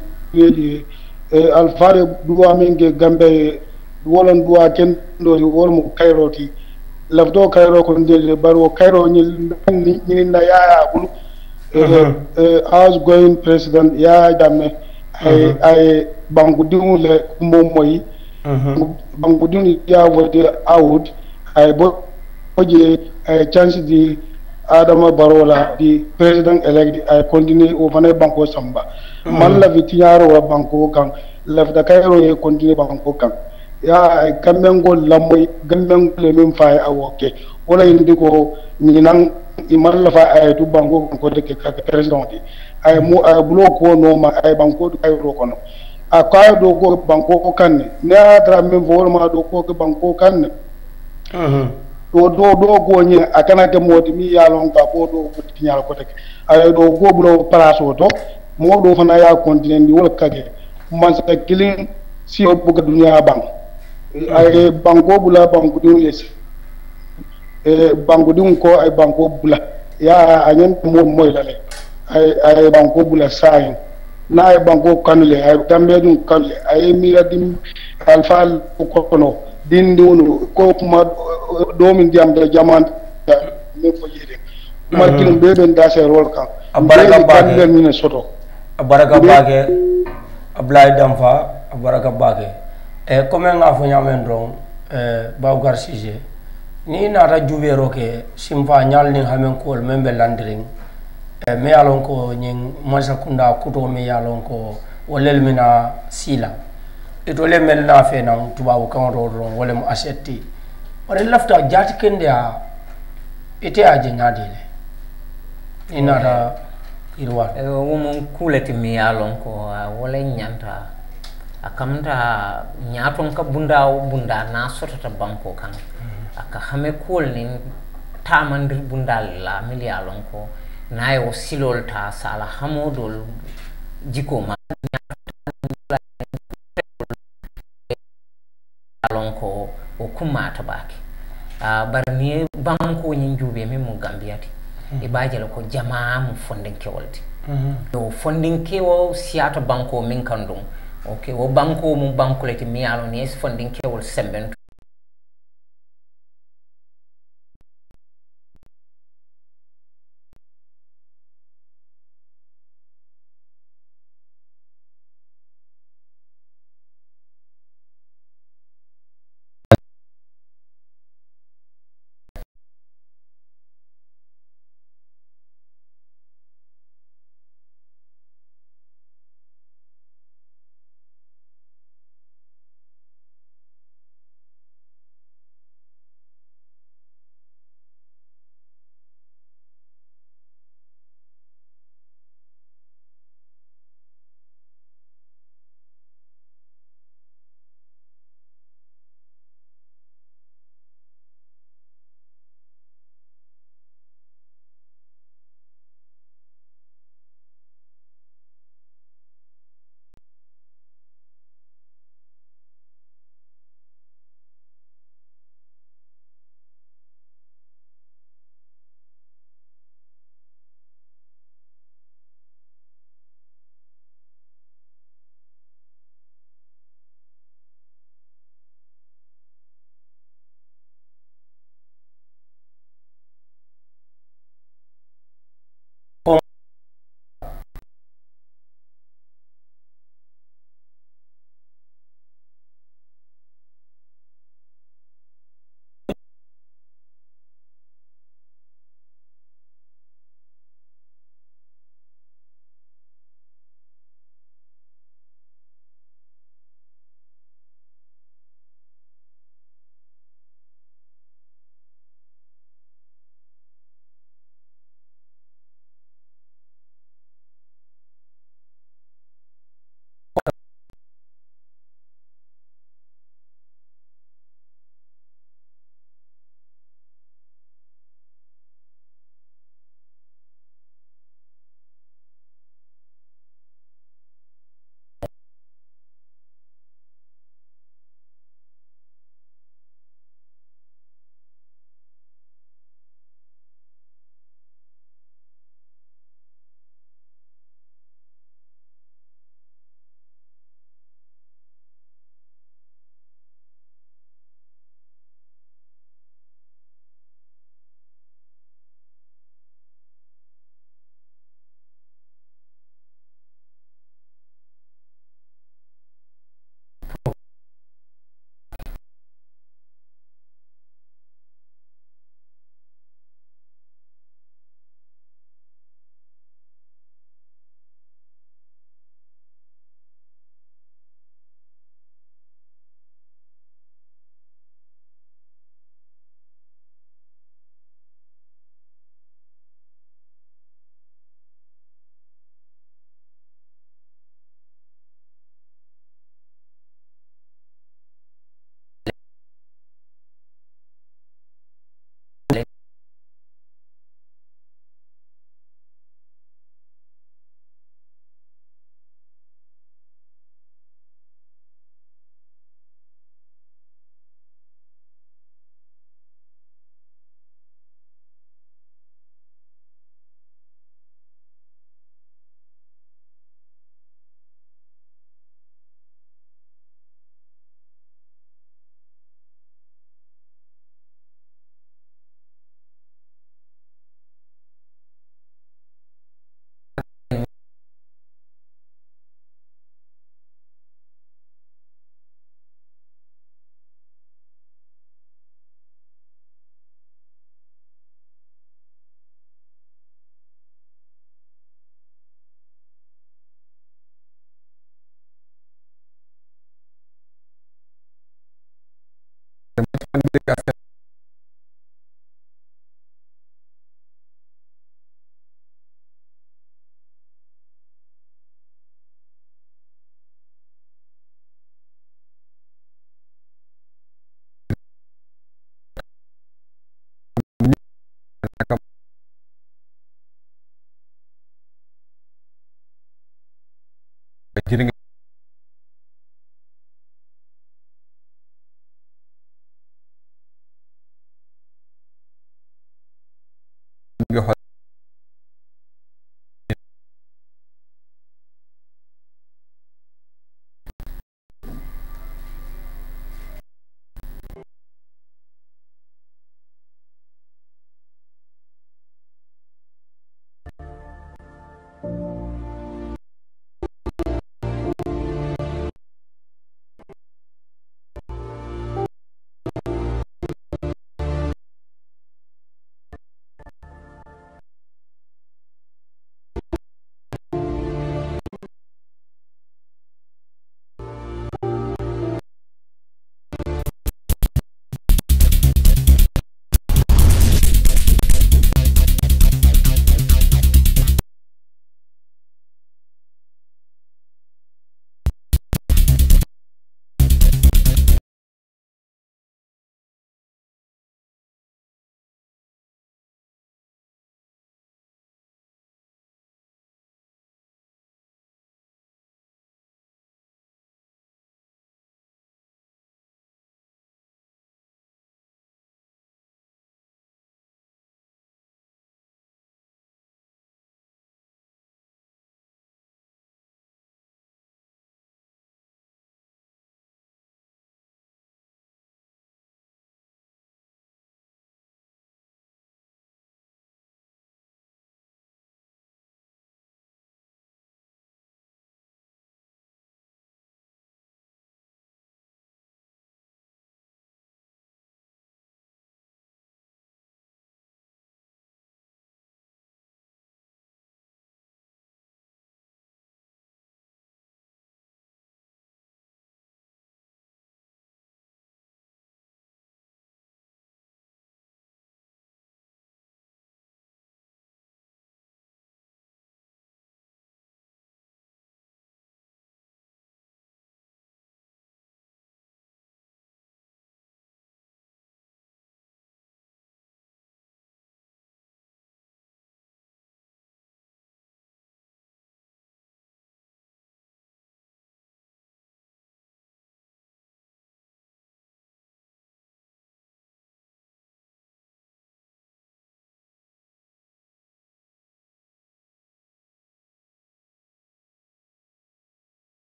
ti alfaare duwa miŋ ke gambe wolon duwa kendo ti wol mu kayro ti laftoo kayro continue ti bari wo kayro na yaaya bulu E, outgoing president Yahya Jammeh ay ay bangudin le momoy bangudin ya wadi out ay bo oje ay chance di adama barola di president elect ay continue o fana banko samba man la vitiyaro wa banko kan da kayro ye continue banko kan ya kamengol lamoy le min fay awoke wala indi ko nang imallafa aye tu banko ko ke ka président de aye mu aye bulo ko ma aye banko du aye ro kono a kaya do go banko ko kanne ne a men min ma do ko ke banko kanne do do do go nyi a kana ke modi mi ya lon ka ko do ko tinyal ko tek aye do go bulo place o to mo do fana ya kontinen di wol kage man sa kilin si o buga dunya bang aye banko bula banko dun yes Eh, bankudiŋo ko ay banko bula ya a ñanta moolu moyi ay ay banko bula saayiŋ na ay ye banko ay le dum ye ay duŋ kanu le a ye miira dim alifaa kono dindiŋolu ko kuma doo miŋ diyamta jaman miŋ fo jeeteŋ kuma kiliŋ hmm. bee beŋ daasee rol kaŋ a baake bee ne soto a baraka baake ablaye danfa a baraka baake eh, comme nga fo ñaamen doroŋ eh, babougar sisé ni naata jubeero ke simfa ñaal niŋ hameŋ kuwolu meŋ be e, eh, me ye a loŋ ko ñiŋ mansa kunda kutoo me ye a ko wo lelu mi na sii ito le mel na fe naŋ tubaabu kaŋo to doroŋ wo lemu asetti bari lafta jati kende a ite a je ñaadi le ni naata yiriwaa wo eh, mu kuu ti miŋ ye a ko ah, wo le ñanta a ah, kamata ñaatoŋ ka bunda wo bundaa niŋ a sotota bankoo kaŋ akahamekol nin tamandir bundal la mili lon ko wo silol ta sala hamodol jiko ma alon ko o kumata baake uh, bar ni banko nyin jube min mu gambiyati mm -hmm. e bajala ko jamaa mu fonden kewolti mm -hmm. yo fonden kewo banko min kan dum okay wo banko mu banko leti mi alon ni fonden fondinkewol sembentu